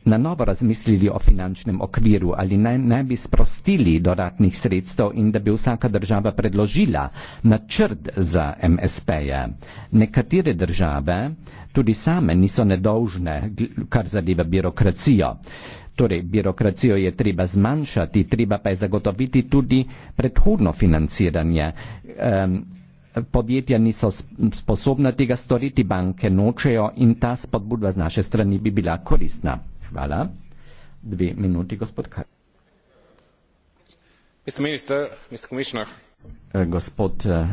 na novo razmislili o finančnem okviru ali naj, naj bi sprostili dodatnih sredstev in da bi vsaka država predložila načrt za MSP-je. Nekatere države tudi same niso nedolžne, kar zadeva birokracijo. Torej, birokracijo je treba zmanjšati, treba pa je zagotoviti tudi predhodno financiranje. Um, podjetja niso sposobna tega storiti, banke nočejo in ta spodbudba z naše strani bi bila koristna. Hvala. Dve minuti, gospod Kar. Mr. Minister, Mr. Commissioner, Eh, gospod eh,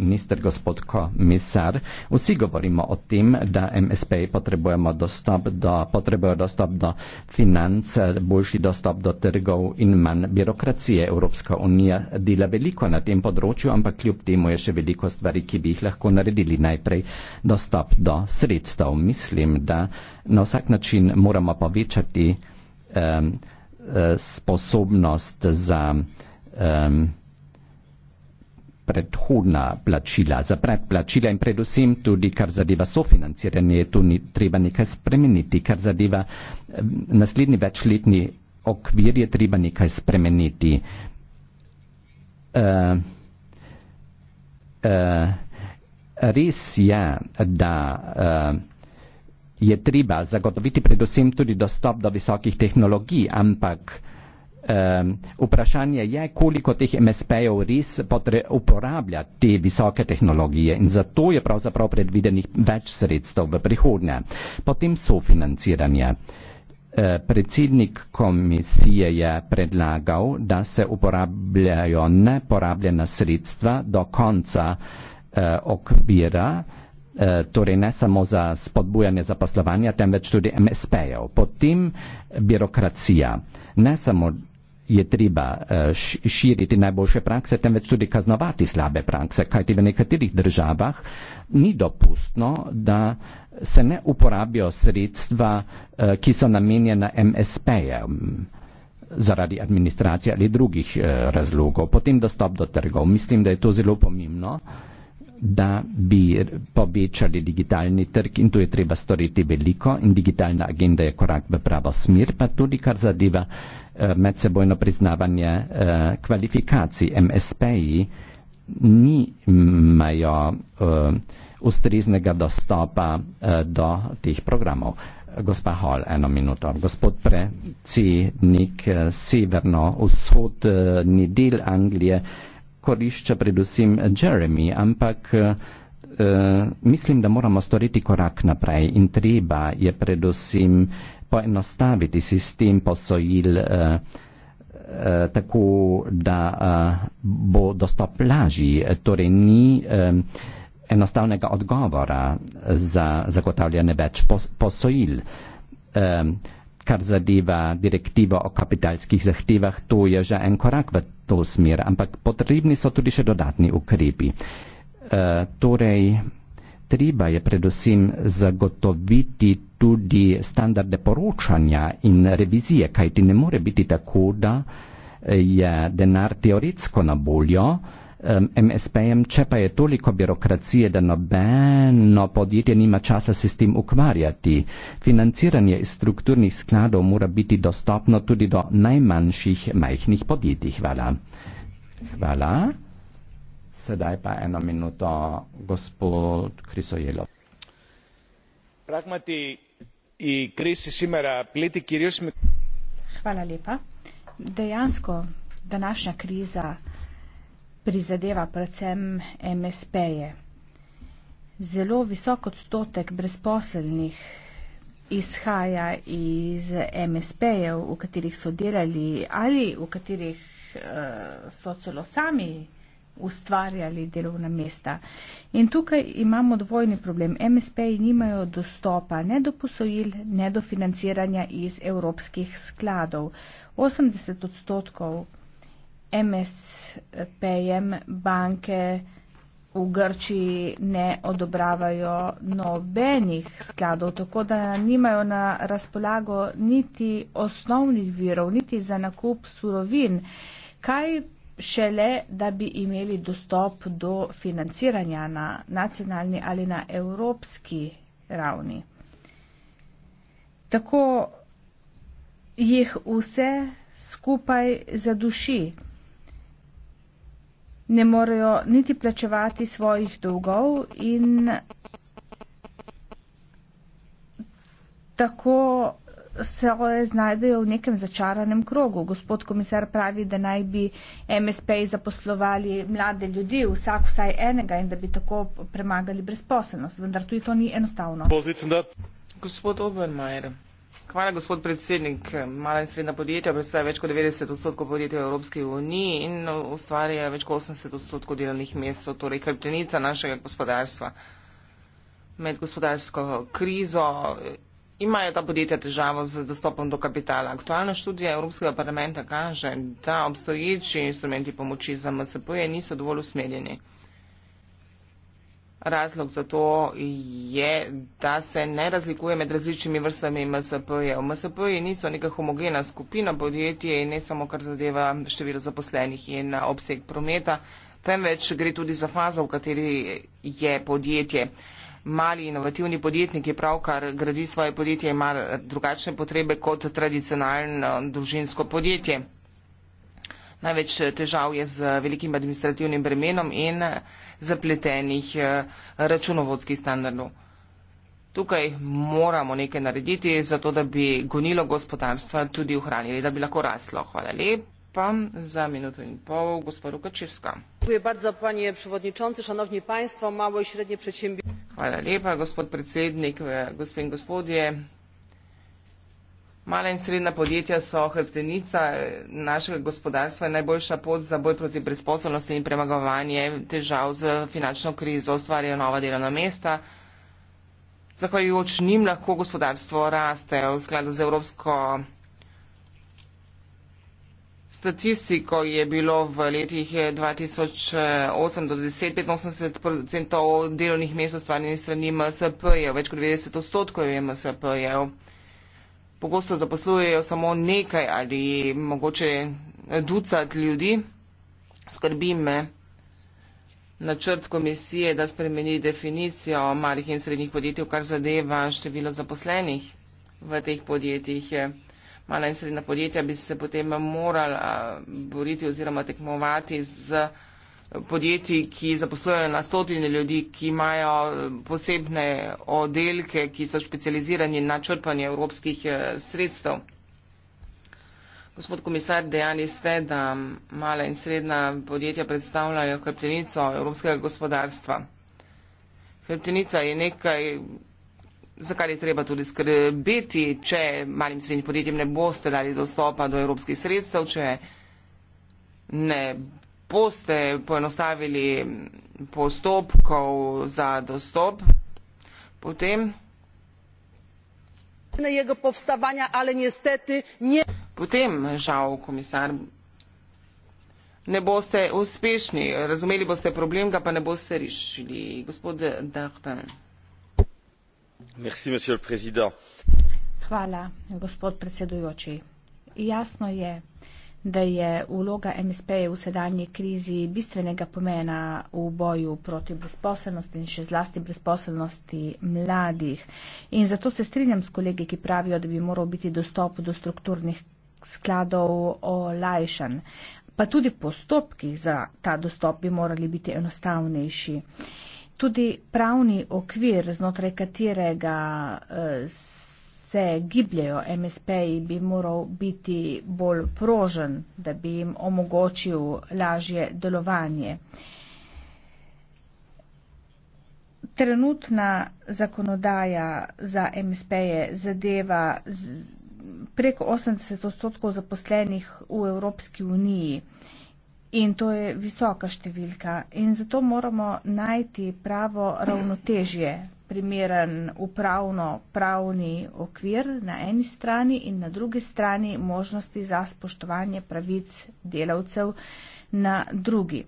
minister, gospod komisar. Vsi govorimo o tem, da MSP potrebujemo dostop do, potrebujo dostop do financ, eh, boljši dostop do trgov in manj birokracije. Evropska unija dela veliko na tem področju, ampak kljub temu je še veliko stvari, ki bi jih lahko naredili. Najprej dostop do sredstev. Mislim, da na vsak način moramo povečati um, sposobnost za um, predhodna plačila, za predplačila in predvsem tudi, kar zadeva sofinanciranje, je tu ni, treba nekaj spremeniti, kar zadeva eh, naslednji večletni okvir, je treba nekaj spremeniti. Uh, uh, res je, da uh, je treba zagotoviti predvsem tudi dostop do visokih tehnologij, ampak uh, Um, vprašanje je, koliko teh MSP-jev res uporablja te visoke tehnologije in zato je pravzaprav predvidenih več sredstev v prihodnje. Potem sofinanciranje. Ehm, predsednik komisije je predlagal, da se uporabljajo neporabljena sredstva do konca eh, okvira, eh, torej ne samo za spodbujanje zaposlovanja, temveč tudi MSP-jev. Potem birokracija. Ne samo je treba eh, širiti najboljše prakse, temveč tudi kaznovati slabe prakse, kajti v nekaterih državah ni dopustno, da se ne uporabijo sredstva, eh, ki so namenjena MSP-jem zaradi administracije ali drugih eh, razlogov, potem dostop do trgov. Mislim, da je to zelo pomembno, da bi povečali digitalni trg in tu je treba storiti veliko in digitalna agenda je korak v pravo smer, pa tudi kar zadeva Eh, medsebojno priznavanje eh, kvalifikacij. MSP-ji nimajo eh, ustreznega dostopa do teh programov. Gospa Hall, eno minuto. Gospod predsednik severno-vzhodni del Anglije korišča predvsem Jeremy, ampak Uh, mislim, da moramo storiti korak naprej in treba je predvsem uh, poenostaviti sistem posojil uh, uh, tako, da uh, bo dostop lažji. Torej ni um, enostavnega odgovora za zagotavljanje več pos posojil. Um, kar zadeva direktivo o kapitalskih zahtevah, to je že en korak v to smer, ampak potrebni so tudi še dodatni ukrepi. Uh, torej, treba je predvsem zagotoviti tudi standarde poročanja in revizije, kajti ne more biti tako, da je denar teoretsko na voljo MSP-jem, če pa je toliko birokracije, da nobeno podjetje nima časa se s tem ukvarjati. Financiranje iz strukturnih skladov mora biti dostopno tudi do najmanjših majhnih podjetij. Hvala. Hvala. Sedaj pa eno minuto, gospod Krisojelo. Pragmati in krisi simera pliti, kjer jaz mi. Hvala lepa. Dejansko današnja kriza prizadeva predvsem MSP-je. Zelo visok odstotek brezposelnih izhaja iz MSP-jev, v katerih so delali ali v katerih uh, so celo sami ustvarjali delovna mesta. In tukaj imamo dvojni problem. MSP-ji nimajo dostopa ne do posojil, ne do financiranja iz evropskih skladov. 80 odstotkov MSP-jem banke v Grčiji ne odobravajo nobenih skladov, tako da nimajo na razpolago niti osnovnih virov, niti za nakup surovin. Kaj šele, da bi imeli dostop do financiranja na nacionalni ali na evropski ravni. Tako jih vse skupaj zaduši. Ne morejo niti plačevati svojih dolgov in tako se znajdejo v nekem začaranem krogu. Gospod komisar pravi, da naj bi MSP zaposlovali mlade ljudi, vsak vsaj enega in da bi tako premagali brezposelnost. Vendar tudi to ni enostavno. Gospod Obermajer. Hvala, gospod predsednik. Mala in srednja podjetja predstavlja več kot 90 odstotkov podjetja v Evropski uniji in ustvarja več kot 80 odstotkov delovnih mest, torej hrbtenica našega gospodarstva. Med gospodarsko krizo imajo ta podjetja težavo z dostopom do kapitala. Aktualna študija Evropskega parlamenta kaže, da obstoječi instrumenti pomoči za MSP-je niso dovolj usmerjeni. Razlog za to je, da se ne razlikuje med različnimi vrstami MSP-jev. MSP-ji niso neka homogena skupina podjetij in ne samo kar zadeva število zaposlenih in obseg prometa, temveč gre tudi za fazo, v kateri je podjetje mali inovativni podjetnik, ki pravkar gradi svoje podjetje, ima drugačne potrebe kot tradicionalno družinsko podjetje. Največ težav je z velikim administrativnim bremenom in zapletenih eh, računovodskih standardov. Tukaj moramo nekaj narediti, zato da bi gonilo gospodarstva tudi ohranili, da bi lahko raslo. Hvala lepa za minutę i pół głosowa Rukaczewska. Dziękuję bardzo panie przewodniczący, szanowni państwo, małe i średnie przedsiębiorstwa. Hvala lepa, gospod predsednik, e, gospod in gospodje. Mala in srednja podjetja so hrbtenica e, našega gospodarstva in najboljša pot za boj proti brezposobnosti in premagovanje težav z finančno krizo ustvarjajo nova delovna mesta. Zahvaljujoč njim lahko gospodarstvo raste v skladu z Evropsko unijo statistiko je bilo v letih 2008 eh, do 10, 85 odstotkov delovnih mest ustvarjenih strani MSP-jev, več kot 90 odstotkov je MSP-jev. Pogosto zaposlujejo samo nekaj ali mogoče eh, ducat ljudi. Skrbi me načrt komisije, da spremeni definicijo malih in srednjih podjetij, kar zadeva število zaposlenih v teh podjetjih. Eh mala in srednja podjetja bi se potem morala boriti oziroma tekmovati z podjetji, ki zaposlujejo na stotine ljudi, ki imajo posebne oddelke, ki so specializirani na črpanje evropskih eh, sredstev. Gospod komisar, dejani ste, da mala in srednja podjetja predstavljajo hrbtenico evropskega gospodarstva. Hrbtenica je nekaj za kar je treba tudi skrbeti, če malim srednjim podjetjem ne boste dali dostopa do evropskih sredstev, če ne boste poenostavili postopkov za dostop, potem, ali niestety, nie... potem žal, komisar, ne boste uspešni, razumeli boste problem, ga pa ne boste rešili. Gospod Dahtan. Hvala, gospod predsedujoči. Jasno je, da je vloga MSP-ja v sedanji krizi bistvenega pomena v boju proti brezposelnosti in še zlasti brezposelnosti mladih. In zato se strinjam s kolegi, ki pravijo, da bi moral biti dostop do strukturnih skladov olajšan. Pa tudi postopki za ta dostop bi morali biti enostavnejši. Tudi pravni okvir, znotraj katerega eh, se gibljajo MSP-ji, bi moral biti bolj prožen, da bi jim omogočil lažje delovanje. Trenutna zakonodaja za MSP-je zadeva preko 80 odstotkov zaposlenih v Evropski uniji. In to je visoka številka. In zato moramo najti pravo ravnotežje, primeren upravno-pravni okvir na eni strani in na drugi strani možnosti za spoštovanje pravic delavcev na drugi.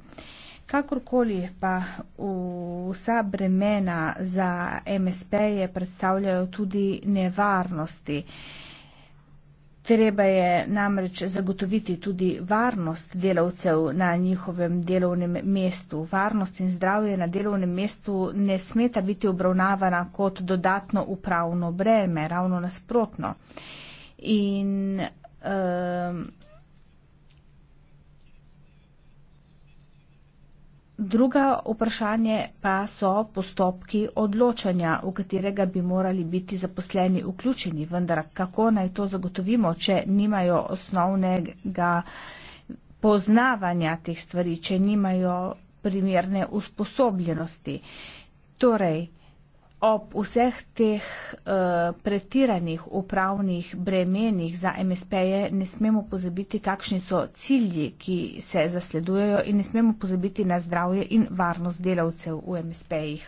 Kakorkoli pa vsa bremena za MSP je predstavljajo tudi nevarnosti. Uh, Treba je namreč zagotoviti tudi varnost delavcev na njihovem delovnem mestu. Varnost in zdravje na delovnem mestu ne smeta biti obravnavana kot dodatno upravno breme, ravno nasprotno. In, um, Druga vprašanje pa so postopki odločanja, v katerega bi morali biti zaposleni vključeni, vendar kako naj to zagotovimo, če nimajo osnovnega poznavanja teh stvari, če nimajo primerne usposobljenosti. Torej, ob vseh teh uh, pretiranih upravnih bremenih za MSP-je ne smemo pozabiti, kakšni so cilji, ki se zasledujejo in ne smemo pozabiti na zdravje in varnost delavcev v MSP-jih.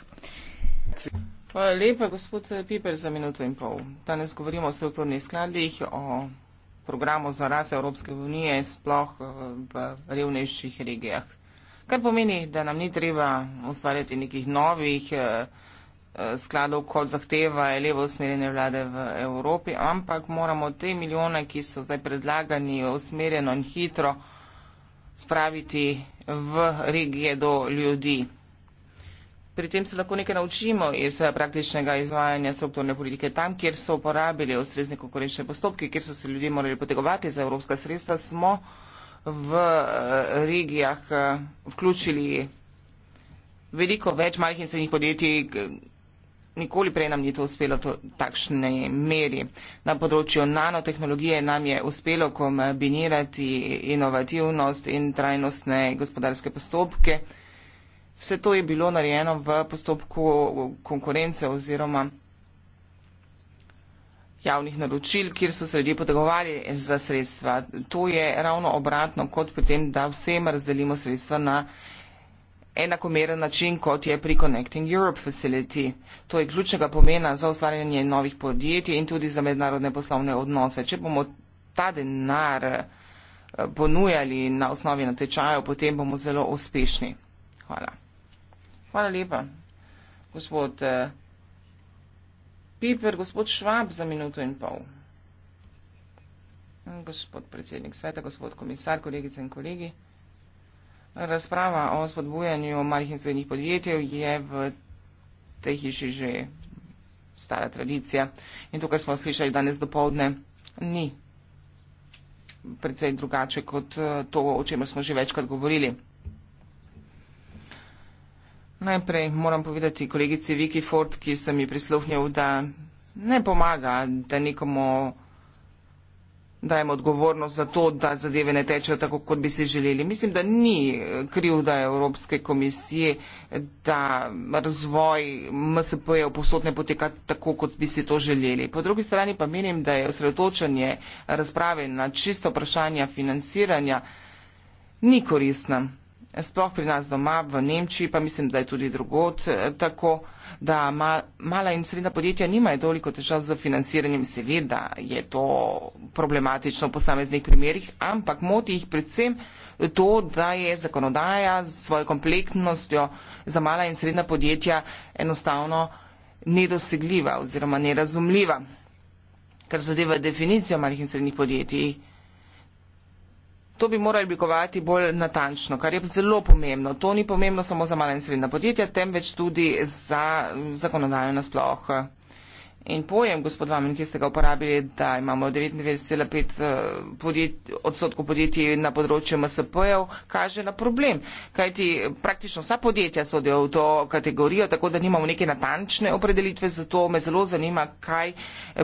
Hvala lepa, gospod Piper, za minuto in pol. Danes govorimo o strukturnih skladih, o programu za raz Evropske unije, sploh eh, v revnejših regijah. Kar pomeni, da nam ni treba ustvarjati nekih novih eh, Eh, skladov, kot zahteva levo usmerjene vlade v Evropi, ampak moramo te milijone, ki so zdaj predlagani usmerjeno in hitro, spraviti v regije do ljudi. Pri tem se lahko nekaj naučimo iz eh, praktičnega izvajanja strukturne politike. Tam, kjer so uporabili ustrezne konkurenčne postopke, kjer so se ljudje morali potegovati za evropska sredstva, smo v eh, regijah vključili veliko več malih in srednjih podjetij, Nikoli prej nam ni to uspelo v takšni meri. Na področju nanotehnologije nam je uspelo kombinirati inovativnost in trajnostne gospodarske postopke. Vse to je bilo narejeno v postopku konkurence oziroma javnih naročil, kjer so se ljudje potegovali za sredstva. To je ravno obratno kot pri tem, da vsem razdelimo sredstva na enakomeren način, kot je pri Connecting Europe Facility. To je ključnega pomena za ustvarjanje novih podjetij in tudi za mednarodne poslovne odnose. Če bomo ta denar eh, ponujali na osnovi natečajev, potem bomo zelo uspešni. Hvala. Hvala lepa, gospod eh, Piper, gospod Švab za minuto in pol. Gospod predsednik sveta, gospod komisar, kolegice in kolegi. Razprava o spodbujanju malih in srednjih podjetjev je v tej hiši že stara tradicija. In to, kar smo slišali danes dopovdne, ni predvsej drugače kot eh, to, o čemer smo že večkrat govorili. Najprej moram povedati kolegici Viki Ford, ki se mi prisluhnil, da ne pomaga, da nekomu dajemo odgovornost za to, da zadeve ne tečejo tako, kot bi si želeli. Mislim, da ni krivda Evropske komisije, da razvoj MSP-jev posod ne poteka tako, kot bi si to želeli. Po drugi strani pa menim, da je osredotočanje razprave na čisto vprašanje financiranja ni koristno sploh pri nas doma v Nemčiji, pa mislim, da je tudi drugot eh, tako, da mala in srednja podjetja nimajo toliko težav z financiranjem. Seveda je to problematično v posameznih primerjih, ampak moti jih predvsem to, da je zakonodaja s svojo kompleksnostjo za mala in srednja podjetja enostavno nedosegljiva oziroma nerazumljiva, kar zadeva definicijo malih in srednjih podjetij. To bi morali oblikovati bolj natančno, kar je zelo pomembno. To ni pomembno samo za mala in srednja podjetja, temveč tudi za mm, zakonodajo nasploh. In pojem, gospod Vamen, ki ste ga uporabili, da imamo 99,5 eh, odstotkov podjetij na področju MSP-jev, kaže na problem. Kajti praktično vsa podjetja sodijo v to kategorijo, tako da nimamo neke natančne opredelitve, zato me zelo zanima, kaj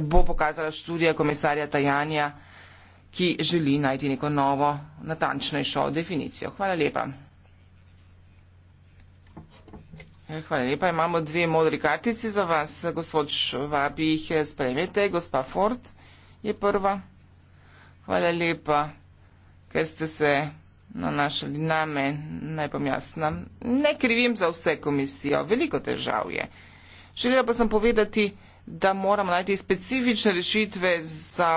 bo pokazala študija komisarja Tajanja ki želi najti neko novo, natančnejšo definicijo. Hvala lepa. E, hvala lepa. Imamo dve modri kartici za vas. Gospod Švab, jih spremete. Gospa Ford je prva. Hvala lepa, ker ste se nanašali name, naj pa jasna. Ne krivim za vse komisijo, veliko težav je. Želela pa sem povedati, da da moramo najti specifične rešitve za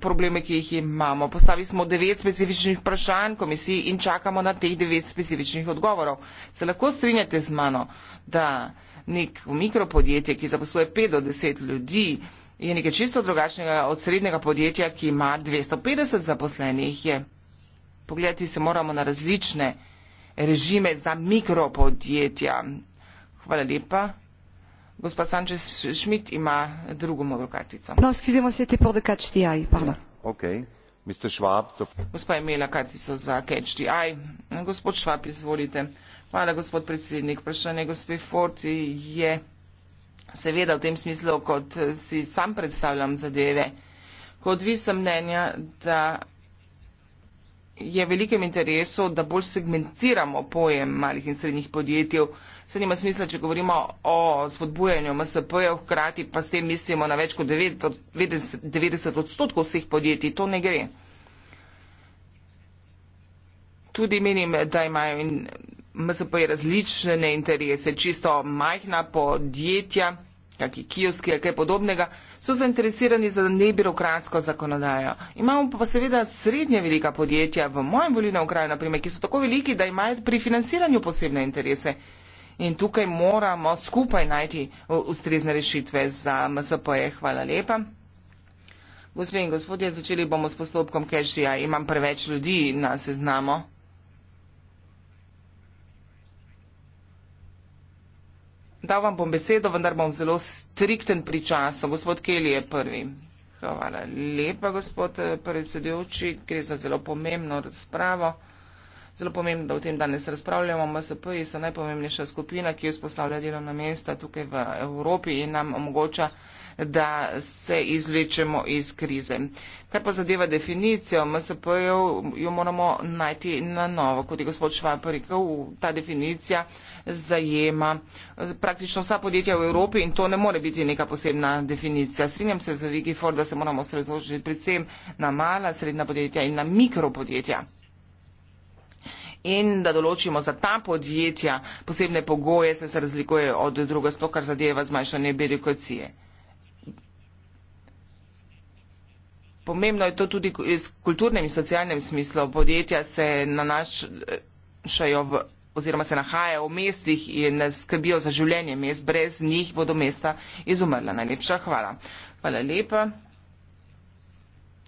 probleme, ki jih imamo. Postavili smo devet specifičnih vprašanj komisiji in čakamo na teh devet specifičnih odgovorov. Se lahko strinjate z mano, da nek mikropodjetje, ki zaposluje 5 do 10 ljudi, je nekaj čisto drugačnega od srednjega podjetja, ki ima 250 zaposlenih. Je. Pogledati se moramo na različne režime za mikropodjetja. Hvala lepa. Gospa Sanchez Schmidt ima drugo modro kartico. No, excuse me, c'était pour le catch the eye, pardon. Yeah. Okay. Mr. Schwab, the... Gospa je imela kartico za catch the eye. Gospod Schwab, izvolite. Hvala, gospod predsednik. Vprašanje gospe Ford je seveda v tem smislu, kot si sam predstavljam zadeve. Kot vi sem mnenja, da je v velikem interesu, da bolj segmentiramo pojem malih in srednjih podjetij. Se nima smisla, če govorimo o spodbujanju MSP-jev, hkrati pa s tem mislimo na več kot 90 odstotkov vseh podjetij. To ne gre. Tudi menim, da imajo MSP-je različne interese, čisto majhna podjetja kakšni kioski ali kaj podobnega, so zainteresirani za nebirokratsko zakonodajo. Imamo pa seveda srednje velika podjetja v mojem volilnem okraju, naprimer, ki so tako veliki, da imajo pri financiranju posebne interese. In tukaj moramo skupaj najti uh, ustrezne rešitve za MSP-je. Hvala lepa. Gospe in gospodje, začeli bomo s postopkom, ker že imam preveč ljudi na seznamu. dal vam bom besedo, vendar bom zelo strikten pri času. Gospod Keli je prvi. Hvala lepa, gospod eh, predsedujoči, gre za zelo pomembno razpravo zelo pomembno, da o tem danes razpravljamo. MSP-ji so najpomembnejša skupina, ki vzpostavlja delovna mesta tukaj v Evropi in nam omogoča, da se izlečemo iz krize. Kar pa zadeva definicijo MSP-jev, jo moramo najti na novo. Kot je gospod Švab rekel, ta definicija zajema praktično vsa podjetja v Evropi in to ne more biti neka posebna definicija. Strinjam se z Vigi Ford, da se moramo sredotočiti predvsem na mala, srednja podjetja in na mikropodjetja in da določimo za ta podjetja posebne pogoje, se, se razlikuje od druga, sploh kar zadeva zmanjšanje birokracije. Pomembno je to tudi iz kulturnem in socialnem smislu. Podjetja se nanašajo v oziroma se nahajajo v mestih in skrbijo za življenje mest. Brez njih bodo mesta izumrla. Najlepša hvala. Hvala lepa.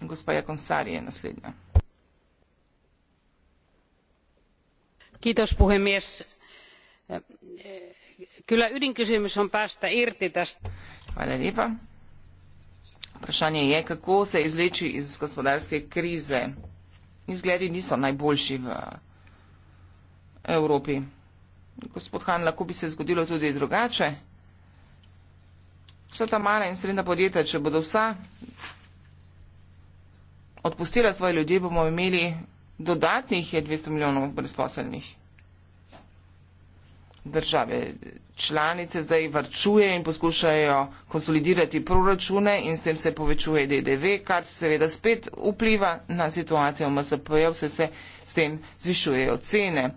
Gospa Jakonsari je naslednja. arvoisa puhemies kyllä ydinkysymys on päästä irti tästä. Evropi. Gospod Han, lahko bi se zgodilo tudi drugače. Vsa ta mala in srednja podjetja, če bodo vsa odpustila svoje ljudi, bomo imeli dodatnih je 200 milijonov brezposelnih. Države članice zdaj varčuje in poskušajo konsolidirati proračune in s tem se povečuje DDV, kar seveda spet vpliva na situacijo MSP-jev, se se s tem zvišujejo cene.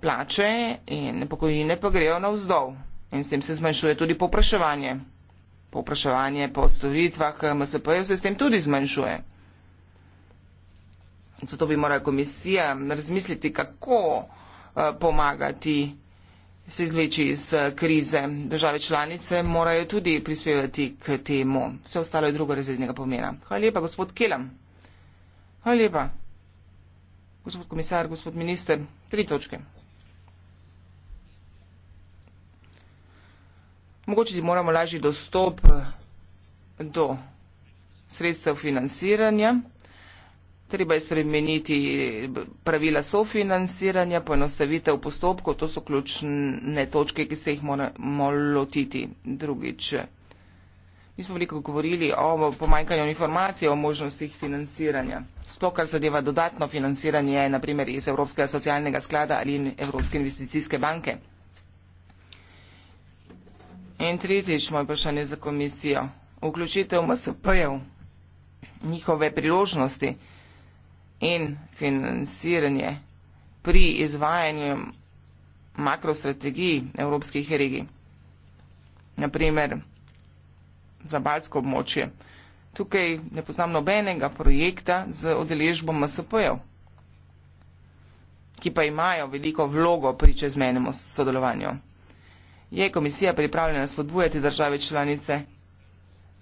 Plače in pokojine pa grejo na vzdol in s tem se zmanjšuje tudi popraševanje. Popraševanje po storitvah MSP-jev se s tem tudi zmanjšuje. Zato bi morala komisija razmisliti, kako eh, pomagati se izvleči iz eh, krize. Države članice morajo tudi prispevati k temu. Vse ostalo je drugo razrednega pomena. Hvala lepa, gospod Kelam. Hvala lepa, gospod komisar, gospod minister. Tri točke. Mogoče ti moramo lažji dostop eh, do sredstev financiranja treba je spremeniti pravila sofinansiranja, poenostavitev postopkov, to so ključne točke, ki se jih moramo lotiti drugič. Mi smo veliko govorili o pomanjkanju informacij, o možnostih financiranja. Sploh kar zadeva dodatno financiranje, naprimer iz Evropskega socialnega sklada ali Evropske investicijske banke. In tretjič, moje vprašanje za komisijo. Vključitev MSP-jev, njihove priložnosti in financiranje pri izvajanju makrostrategij evropskih regij. Naprimer, za Balsko območje. Tukaj ne poznam nobenega projekta z odeležbo MSP-jev, ki pa imajo veliko vlogo pri čezmenem sodelovanju. Je komisija pripravljena spodbujati države članice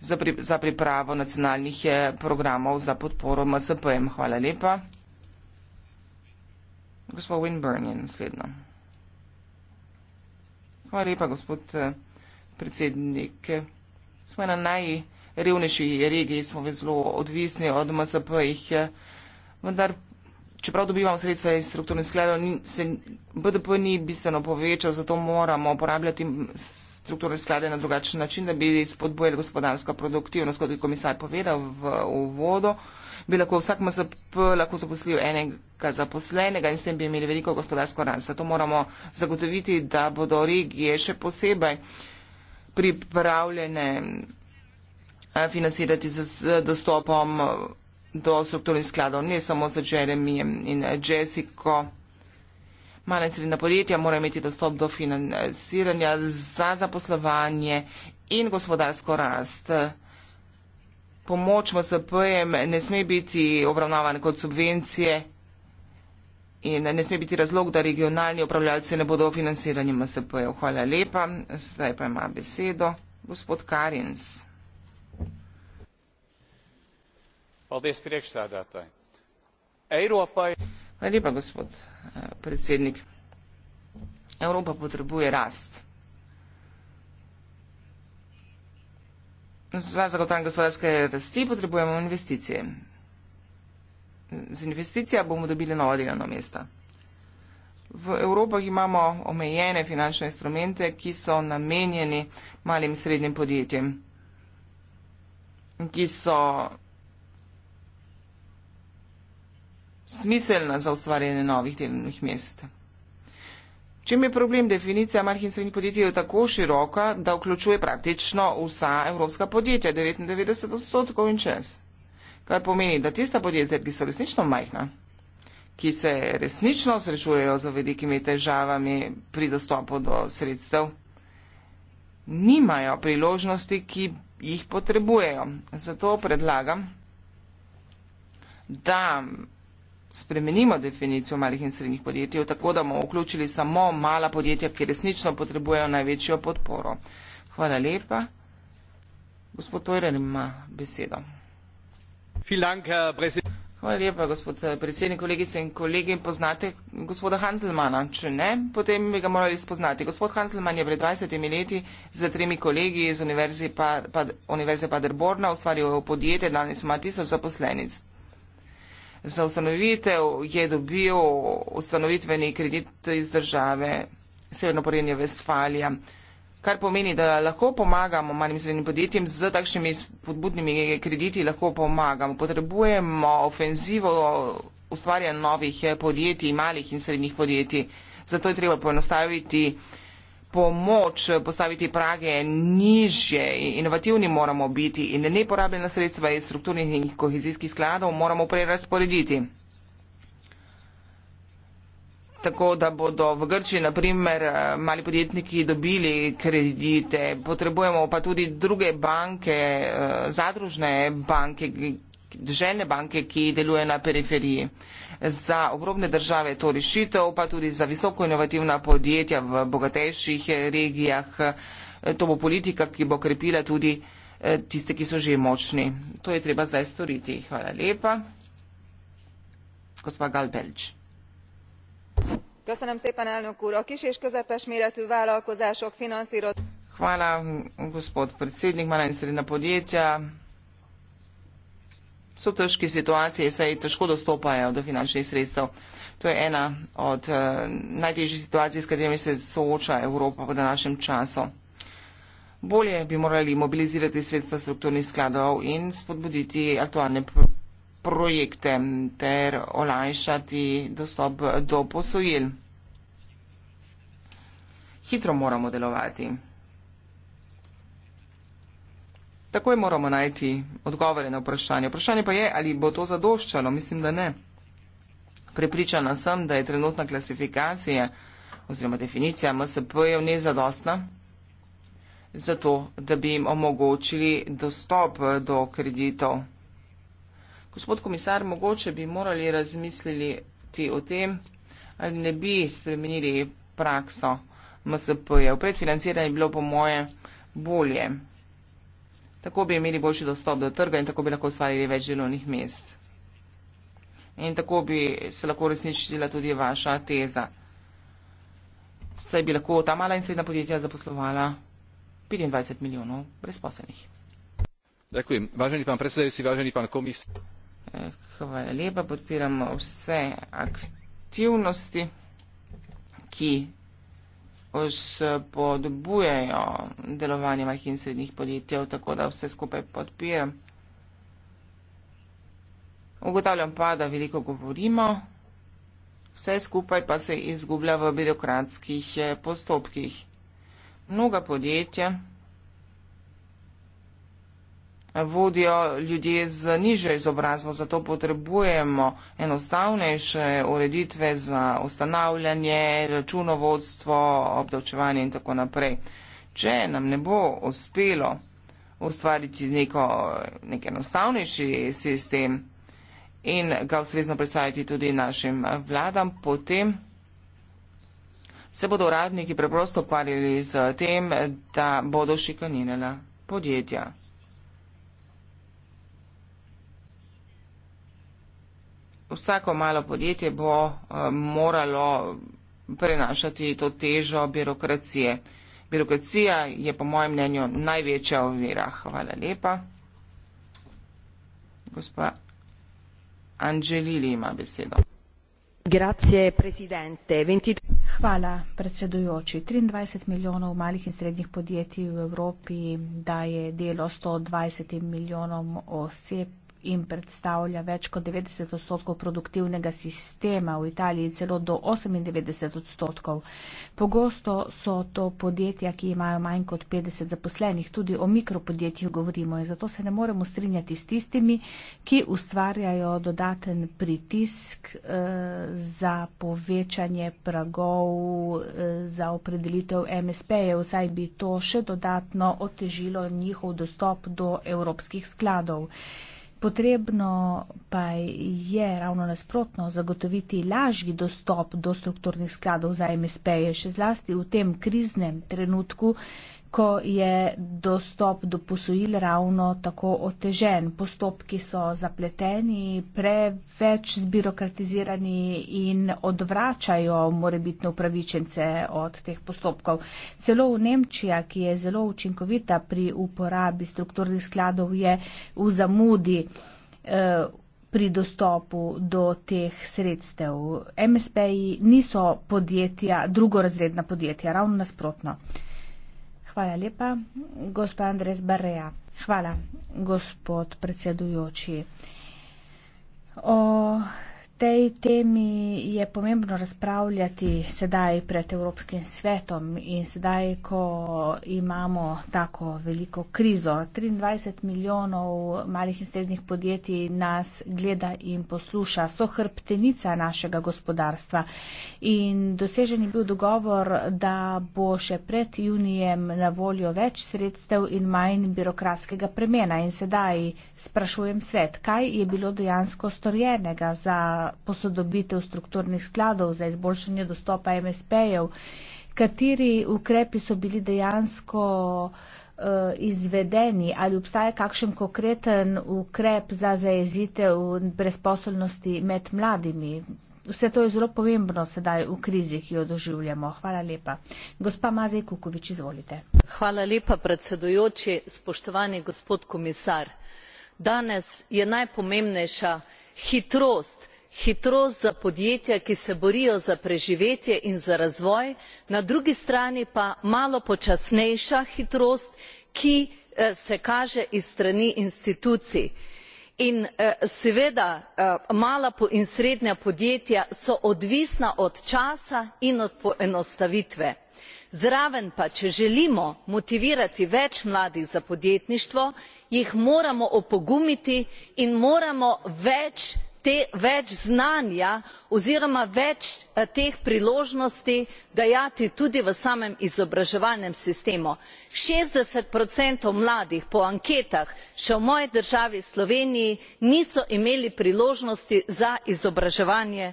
za, pri, za pripravo nacionalnih eh, programov za podporo MSP-jem. Hvala lepa. Gospod Winburn je naslednjo. Hvala lepa, gospod predsednik. Smo na najrevnejši regiji, smo zelo odvisni od MSP-jih, eh, vendar čeprav dobivamo sredstva iz strukturnih skladov, se BDP ni bistveno povečal, zato moramo uporabljati strukturne sklade na drugačen način, da bi spodbojali gospodarsko produktivnost, kot je komisar povedal v uvodu, bi lahko vsak MSP lahko zaposlil enega zaposlenega in s tem bi imeli veliko gospodarsko rast. Zato moramo zagotoviti, da bodo regije še posebej pripravljene eh, financirati z dostopom do strukturnih skladov, ne samo za Jeremijem in Jessico. Mala in srednja podjetja morajo imeti dostop do financiranja za zaposlovanje in gospodarsko rast. Pomoč MSP-jem ne sme biti obravnavan kot subvencije in ne sme biti razlog, da regionalni upravljalci ne bodo financirani MSP-jev. Hvala lepa. Zdaj pa ima besedo gospod Karins. Paldies priekšsēdētāji. Eiropai. Hvala lepa, gospod eh, predsednik. Evropa potrebuje rast. Za zagotovanje gospodarske rasti potrebujemo investicije. Z investicijami bomo dobili nova delovna mesta. V Evropah imamo omejene finančne instrumente, ki so namenjeni malim in srednjim podjetjem, ki so smiselna za ustvarjanje novih delovnih mest. Čem je problem? Definicija malih in srednjih podjetij je tako široka, da vključuje praktično vsa evropska podjetja, 99 odstotkov in čez. Kar pomeni, da tista podjetja, ki so resnično majhna, ki se resnično srečujejo z velikimi težavami pri dostopu do sredstev, nimajo priložnosti, ki jih potrebujejo. Zato predlagam, da spremenimo definicijo malih in srednjih podjetij, tako da bomo vključili samo mala podjetja, ki resnično potrebujejo največjo podporo. Hvala lepa. Gospod Tojren ima besedo. Hvala lepa, gospod eh, predsednik, kolegice in kolegi. Poznate gospoda Hanselmana? Če ne, potem bi ga morali spoznati. Gospod Hanselman je pred 20 leti z tremi kolegi iz Univerze, pa, pa, univerze Paderborna ustvaril podjetje, danes ima tisoč zaposlenic za ustanovitev je dobil ustanovitveni kredit iz države Severnoporenje Vestfalija, kar pomeni, da lahko pomagamo manjim srednjim podjetjem z takšnimi spodbudnimi krediti, lahko pomagamo. Potrebujemo ofenzivo ustvarjanja novih podjetij, malih in srednjih podjetij. Zato je treba poenostaviti pomoč postaviti prage nižje. Inovativni moramo biti in neporabljena sredstva iz strukturnih in kohezijskih skladov moramo prerasporediti. Tako da bodo v Grčiji, naprimer, mali podjetniki dobili kredite, potrebujemo pa tudi druge banke, eh, zadružne banke, deželne banke, ki delujejo na periferiji. Za obrobne države je to rešitev, pa tudi za visoko inovativna podjetja v bogatejših regijah. To bo politika, ki bo krepila tudi eh, tiste, ki so že močni. To je treba zdaj storiti. Hvala lepa. Gospa Galbelč. Köszönöm szépen, elnök úr! A kis és közepes méretű vállalkozások finanszírozása. Hvala, gospod predsednik, mala in srednja podjetja, so v težki situaciji, saj težko dostopajo do finančnih sredstev. To je ena od uh, najtežjih situacij, s katerimi se sooča Evropa v današnjem času. Bolje bi morali mobilizirati sredstva strukturnih skladov in spodbuditi aktualne pr projekte ter olajšati dostop do posojil. Hitro moramo delovati. Takoj moramo najti odgovore na vprašanje. Vprašanje pa je, ali bo to zadoščalo. Mislim, da ne. Pripričana sem, da je trenutna klasifikacija oziroma definicija MSP-jev nezadostna za to, da bi jim omogočili dostop do kreditov. Gospod komisar, mogoče bi morali razmisliti o tem, ali ne bi spremenili prakso MSP-jev. Predfinanciranje je bilo po moje bolje. Tako bi imeli boljši dostop do trga in tako bi lahko ustvarili več delovnih mest. In tako bi se lahko resničila tudi vaša teza. Saj bi lahko ta mala in srednja podjetja zaposlovala 25 milijonov brezposelnih. Dakujem. Važeni pan predsedajci, važeni pan komis. Eh, hvala lepa, podpiramo vse aktivnosti, ki spodbujajo delovanje malih in srednjih podjetij, tako da vse skupaj podpiram. Ugotavljam pa, da veliko govorimo, vse skupaj pa se izgublja v birokratskih postopkih. Mnoga podjetja, vodijo ljudje z nižjo izobrazbo, zato potrebujemo enostavnejše ureditve za ustanavljanje, računovodstvo, obdavčevanje in tako naprej. Če nam ne bo uspelo ustvariti neko, nek enostavnejši sistem in ga ustrezno predstaviti tudi našim vladam, potem se bodo uradniki preprosto ukvarjali z tem, da bodo šikaninela podjetja. vsako malo podjetje bo eh, moralo prenašati to težo birokracije. Birokracija je po mojem mnenju največja ovira. Hvala lepa. Gospa Anželili ima besedo. Grazie, presidente. 23... Hvala, predsedujoči. 23 milijonov malih in srednjih podjetij v Evropi daje delo 120 milijonom oseb in predstavlja več kot 90 odstotkov produktivnega sistema, v Italiji celo do 98 odstotkov. Pogosto so to podjetja, ki imajo manj kot 50 zaposlenih, tudi o mikropodjetjih govorimo in zato se ne moremo strinjati s tistimi, ki ustvarjajo dodaten pritisk eh, za povečanje pragov eh, za opredelitev MSP-je, vsaj bi to še dodatno otežilo njihov dostop do evropskih skladov. Potrebno pa je ravno nasprotno zagotoviti lažji dostop do strukturnih skladov za MSP-je, še zlasti v tem kriznem trenutku, ko je dostop do posojil ravno tako otežen. Postopki so zapleteni, preveč zbirokratizirani in odvračajo morebitne upravičence od teh postopkov. Celo v Nemčija, ki je zelo učinkovita pri uporabi strukturnih skladov, je v zamudi eh, pri dostopu do teh sredstev. MSP-ji niso podjetja, drugorazredna podjetja, ravno nasprotno. Hvala lepa. Gospa Andres Barreja. Hvala, gospod predsedujoči. O tej temi je pomembno razpravljati sedaj pred Evropskim svetom in sedaj, ko imamo tako veliko krizo. 23 milijonov malih in srednjih podjetij nas gleda in posluša, so hrbtenica našega gospodarstva. In dosežen je bil dogovor, da bo še pred junijem na voljo več sredstev in manj birokratskega premjena. In sedaj sprašujem svet, kaj je bilo dejansko storjenega za posodobitev strukturnih skladov, za izboljšanje dostopa MSP-jev, kateri ukrepi so bili dejansko eh, izvedeni, ali obstaja kakšen konkreten ukrep za zajezitev brezposobnosti med mladimi. Vse to je zelo pomembno sedaj v krizi, ki jo doživljamo. Hvala lepa. Gospa Mazej Kukovič, izvolite. Hvala lepa, predsedujoči, spoštovani gospod komisar. Danes je najpomembnejša hitrost, hitrost za podjetja ki se borijo za preživetje in za razvoj na drugi strani pa malo počasnejša hitrost ki eh, se kaže iz strani institucij in eh, seveda eh, mala in srednja podjetja so odvisna od časa in od poenostavitve zraven pa če želimo motivirati več mladih za podjetništvo jih moramo opogumiti in moramo več več znanja oziroma več eh, teh priložnosti dajati tudi v samem izobraževalnem sistemu. šestdeset mladih po anketah še v moji državi sloveniji niso imeli priložnosti za izobraževanje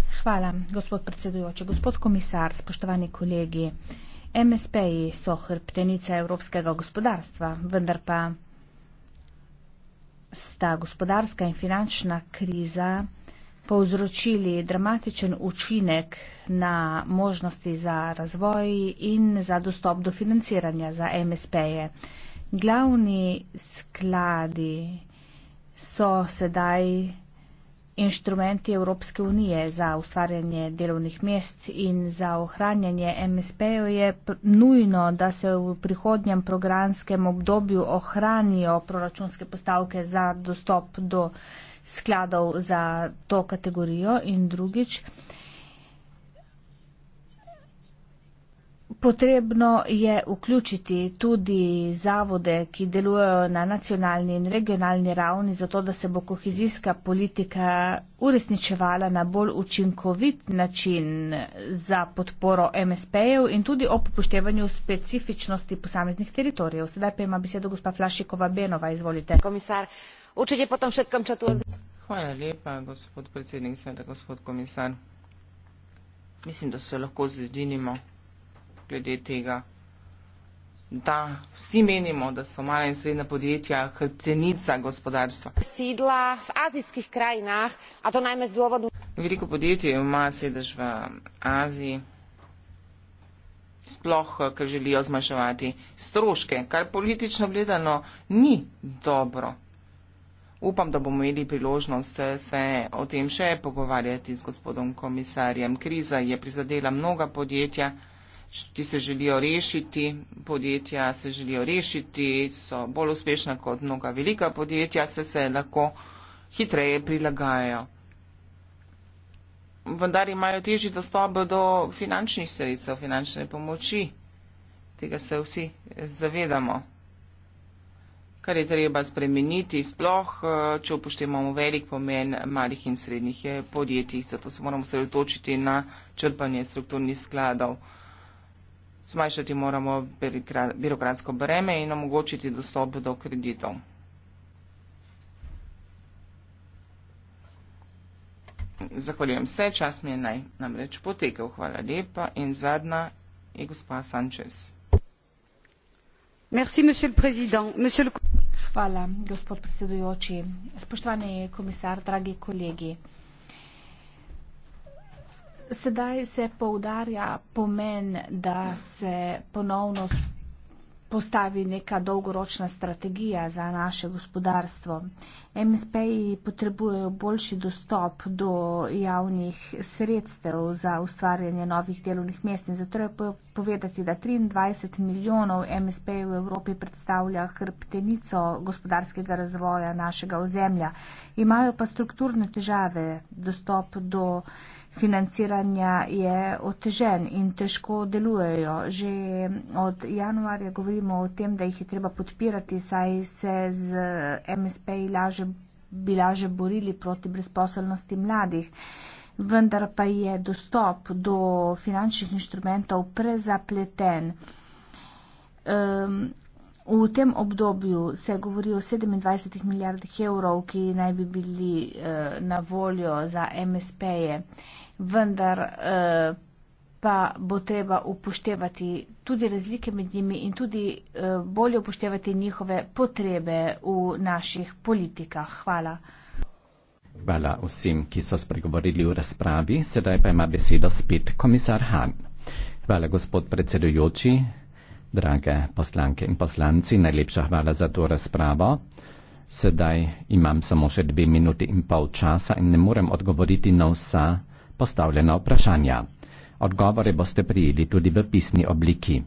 Hvala, gospod predsedujoči. Gospod komisar, spoštovani kolegi, MSP-ji so hrbtenica evropskega gospodarstva, vendar pa sta gospodarska in finančna kriza povzročili dramatičen učinek na možnosti za razvoj in za dostop do financiranja za MSP-je. Glavni skladi so sedaj Inštrumenti Evropske unije za ustvarjanje delovnih mest in za ohranjanje MSP-jev je nujno, da se v prihodnjem programskem obdobju ohranijo proračunske postavke za dostop do skladov za to kategorijo in drugič. Potrebno je vključiti tudi zavode, ki delujejo na nacionalni in regionalni ravni, zato da se bo kohezijska politika uresničevala na bolj učinkovit način za podporo MSP-jev in tudi ob upoštevanju specifičnosti posameznih teritorijev. Sedaj pa ima besedo gospa Flašikova Benova, izvolite. Komisar, učite potem še kam čatu. Hvala lepa, gospod predsednik, sedaj gospod komisar. Mislim, da se lahko zjedinimo glede tega, da vsi menimo, da so mala in srednja podjetja hrbtenica gospodarstva. Sedla v azijskih krajinah, a to najmanj z dôvodu. Veliko podjetij ima sedež v Aziji, sploh, ker želijo zmanjševati stroške, kar politično gledano ni dobro. Upam, da bomo imeli priložnost se o tem še pogovarjati z gospodom komisarjem. Kriza je prizadela mnoga podjetja ki se želijo rešiti, podjetja se želijo rešiti, so bolj uspešna kot mnoga velika podjetja, se se lahko hitreje prilagajajo. Vendar imajo težji dostop do finančnih sredstev, finančne pomoči. Tega se vsi zavedamo. Kar je treba spremeniti, sploh, če upoštevamo velik pomen malih in srednjih eh, podjetij. Zato se moramo sredotočiti na črpanje strukturnih skladov. Zmanjšati moramo birokratsko breme in omogočiti dostop do kreditov. Zahvaljujem se, čas mi je naj namreč potekel. Hvala lepa in zadnja je gospa Sanchez. Merci, monsieur le président. Monsieur le... Hvala, gospod predsedujoči. Spoštovani komisar, dragi kolegi. Sedaj se poudarja pomen, da se ponovno postavi neka dolgoročna strategija za naše gospodarstvo. MSP-ji potrebujejo boljši dostop do javnih sredstev za ustvarjanje novih delovnih mest in zato je povedati, da 23 milijonov MSP-jev v Evropi predstavlja hrbtenico gospodarskega razvoja našega ozemlja. Imajo pa strukturne težave, dostop do financiranja je otežen in težko delujejo. Že od januarja govorimo o tem, da jih je treba podpirati, saj se z MSP laže, bi laže borili proti brezposobnosti mladih. Vendar pa je dostop do finančnih inštrumentov prezapleten. Um, V tem obdobju se govori o 27 milijardih evrov, ki naj bi bili eh, na voljo za MSP-je vendar eh, pa bo treba upoštevati tudi razlike med njimi in tudi eh, bolje upoštevati njihove potrebe v naših politikah. Hvala. Hvala vsem, ki so spregovorili v razpravi. Sedaj pa ima besedo spet komisar Han. Hvala, gospod predsedujoči. Drage poslanke in poslanci, najlepša hvala za to razpravo. Sedaj imam samo še dve minuti in pol časa in ne morem odgovoriti na vsa postavljena vprašanja. Odgovore boste prijeli tudi v pisni obliki.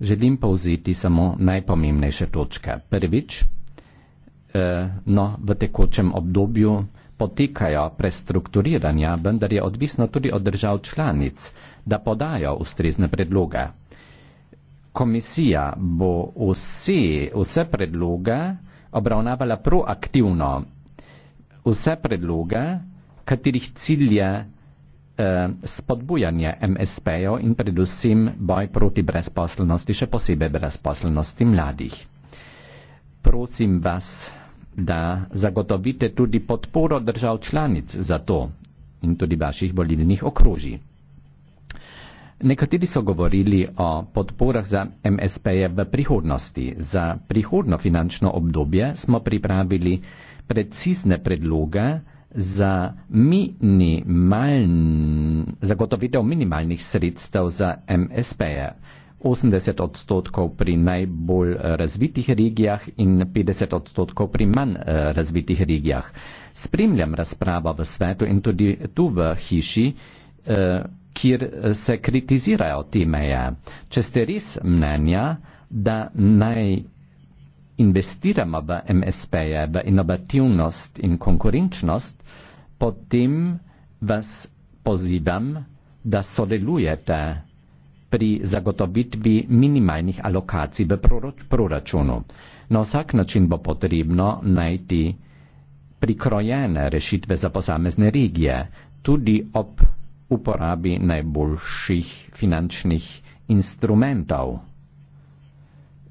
Želim povziti samo najpomembnejše točke. Prvič, eh, no, v tekočem obdobju potekajo prestrukturiranja, vendar je odvisno tudi od držav članic, da podajo ustrezne predloge. Komisija bo vse, vse predloge obravnavala proaktivno. Vse predloge, katerih cilje eh, spodbujanje MSP-jev in predvsem boj proti brezposelnosti, še posebej brezposelnosti mladih. Prosim vas, da zagotovite tudi podporo držav članic za to in tudi vaših volilnih okrožij. Nekateri so govorili o podporah za MSP-je v prihodnosti. Za prihodno finančno obdobje smo pripravili precizne predloge, za minimaln, zagotovitev minimalnih sredstev za MSP-je. 80 odstotkov pri najbolj razvitih regijah in 50 odstotkov pri manj eh, razvitih regijah. Spremljam razpravo v svetu in tudi tu v hiši, eh, kjer eh, se kritizirajo te meje. Če ste res mnenja, da naj investiramo v MSP-je, v inovativnost in konkurenčnost, potem vas pozivam, da sodelujete pri zagotovitvi minimalnih alokacij v proračunu. Na vsak način bo potrebno najti prikrojene rešitve za posamezne regije, tudi ob uporabi najboljših finančnih instrumentov.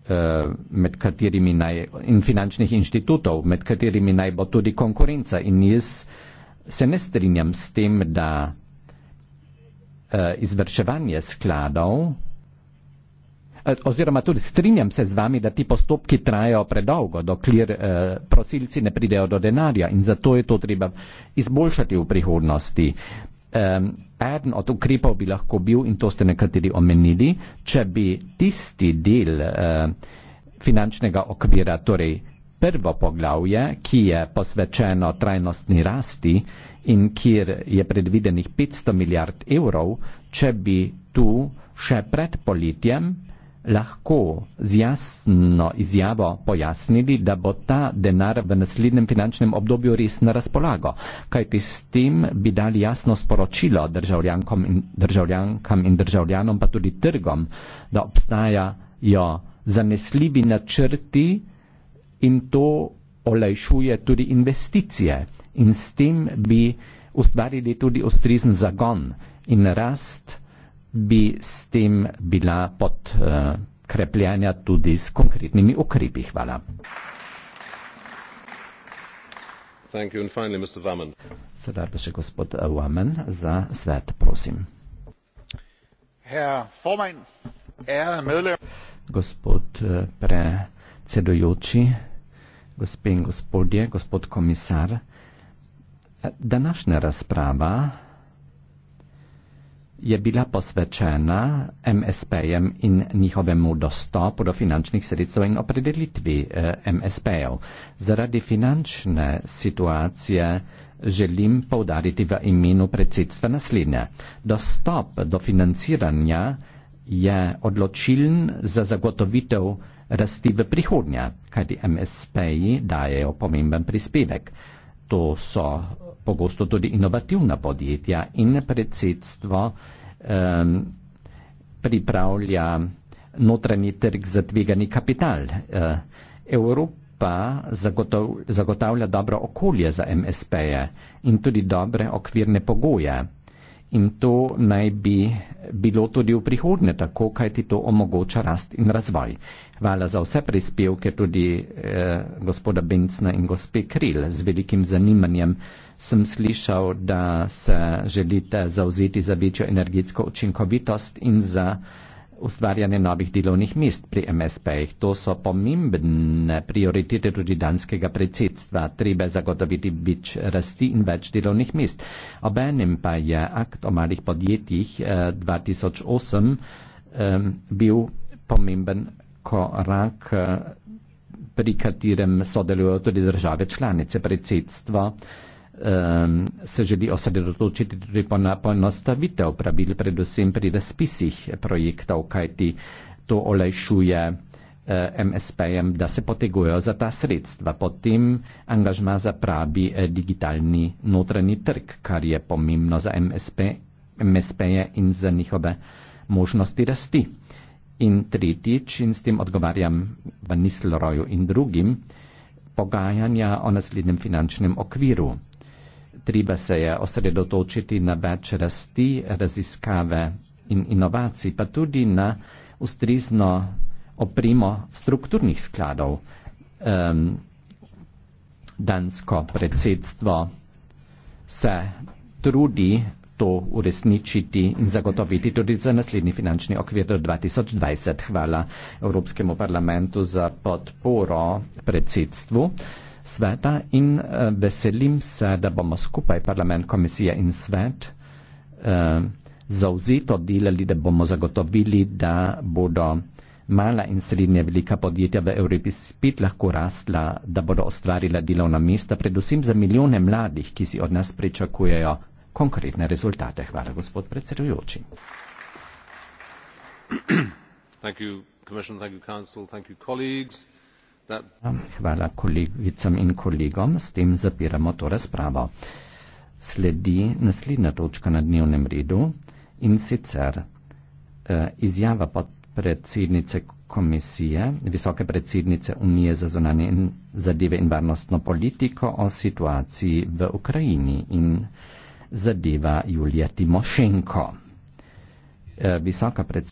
Eh, med katerimi naj, in finančnih inštitutov, med katerimi naj bo tudi konkurenca. In jaz se ne strinjam s tem, da uh, izvrševanje skladov, eh, oziroma tudi strinjam se z vami, da ti postopki trajajo predolgo, dokler uh, prosilci ne pridejo do denarja in zato je to treba izboljšati v prihodnosti. Uh, um, eden od ukrepov bi lahko bil, in to ste nekateri omenili, če bi tisti del uh, finančnega okvira, torej prvo poglavje, ki je posvečeno trajnostni rasti in kjer je predvidenih 500 milijard evrov, če bi tu še pred poletjem lahko z jasno izjavo pojasnili, da bo ta denar v naslednjem finančnem obdobju res na razpolago, kajti s tem bi dali jasno sporočilo državljankom in državljankam in državljanom, pa tudi trgom, da obstajajo zanesljivi načrti in to olajšuje tudi investicije in s tem bi ustvarili tudi ustrezen zagon in rast bi s tem bila podkrepljena tudi s konkretnimi ukrepi. Hvala. Sedaj pa še gospod Vamen za svet, prosim. Gospod eh, predsedujoči, gospe in gospodje, gospod komisar, eh, današnja razprava je bila posvečena MSP-jem in njihovemu dostopu do finančnih sredstev in opredelitvi eh, MSP-jev. Zaradi finančne situacije želim povdariti v imenu predsedstva naslednje. Dostop do financiranja je odločilen za zagotovitev rasti v prihodnje, kajti MSP-ji dajejo pomemben prispevek to so pogosto tudi inovativna podjetja in predsedstvo um, pripravlja notranji trg za tvegani kapital. E, Evropa zagotavlja dobro okolje za MSP-je in tudi dobre okvirne pogoje in to naj bi bilo tudi v prihodnje tako, kaj ti to omogoča rast in razvoj. Hvala za vse prispevke tudi eh, gospoda Bencna in gospe Kril. Z velikim zanimanjem sem slišal, da se želite zauzeti za večjo energetsko učinkovitost in za ustvarjanje novih delovnih mest pri MSP-jih. To so pomembne prioritete tudi danskega predsedstva. Treba zagotoviti več rasti in več delovnih mest. Obenem pa je akt o malih podjetjih 2008 eh, um, bil pomemben korak, eh, pri katerem sodelujo tudi države članice predsedstva um, se želi osredotočiti tudi po na poenostavitev pravil, predvsem pri razpisih projektov, kajti to olajšuje uh, eh, MSP-jem, da se potegujejo za ta sredstva. Potem angažma za pravi uh, digitalni notranji trg, kar je pomembno za MSP, MSP-je in za njihove možnosti rasti. In tretjič, in s tem odgovarjam v Nisloroju in drugim, pogajanja o naslednjem finančnem okviru treba se je osredotočiti na več rasti, raziskave in inovacij, pa tudi na ustrezno opremo strukturnih skladov. Um, dansko predsedstvo se trudi to uresničiti in zagotoviti tudi za naslednji finančni okvir do 2020. Hvala Evropskemu parlamentu za podporo predsedstvu sveta in uh, veselim se, da bomo skupaj parlament, komisija in svet uh, eh, zauzito delali, da bomo zagotovili, da bodo mala in srednja velika podjetja v Evropi spet lahko rastla, da bodo ustvarila delovna mesta, predvsem za milijone mladih, ki si od nas pričakujejo konkretne rezultate. Hvala, gospod predsedujoči. Thank you, Commissioner. Thank you, Council. Thank you, colleagues. Hvala kolegicam in kolegom, s tem zapiramo to razpravo. Sledi naslednja točka na dnevnem redu in sicer eh, izjava podpredsednice komisije, visoke predsednice Unije za zonanje in zadeve in varnostno politiko o situaciji v Ukrajini in zadeva Julija Timošenko. Eh, visoka predsednica.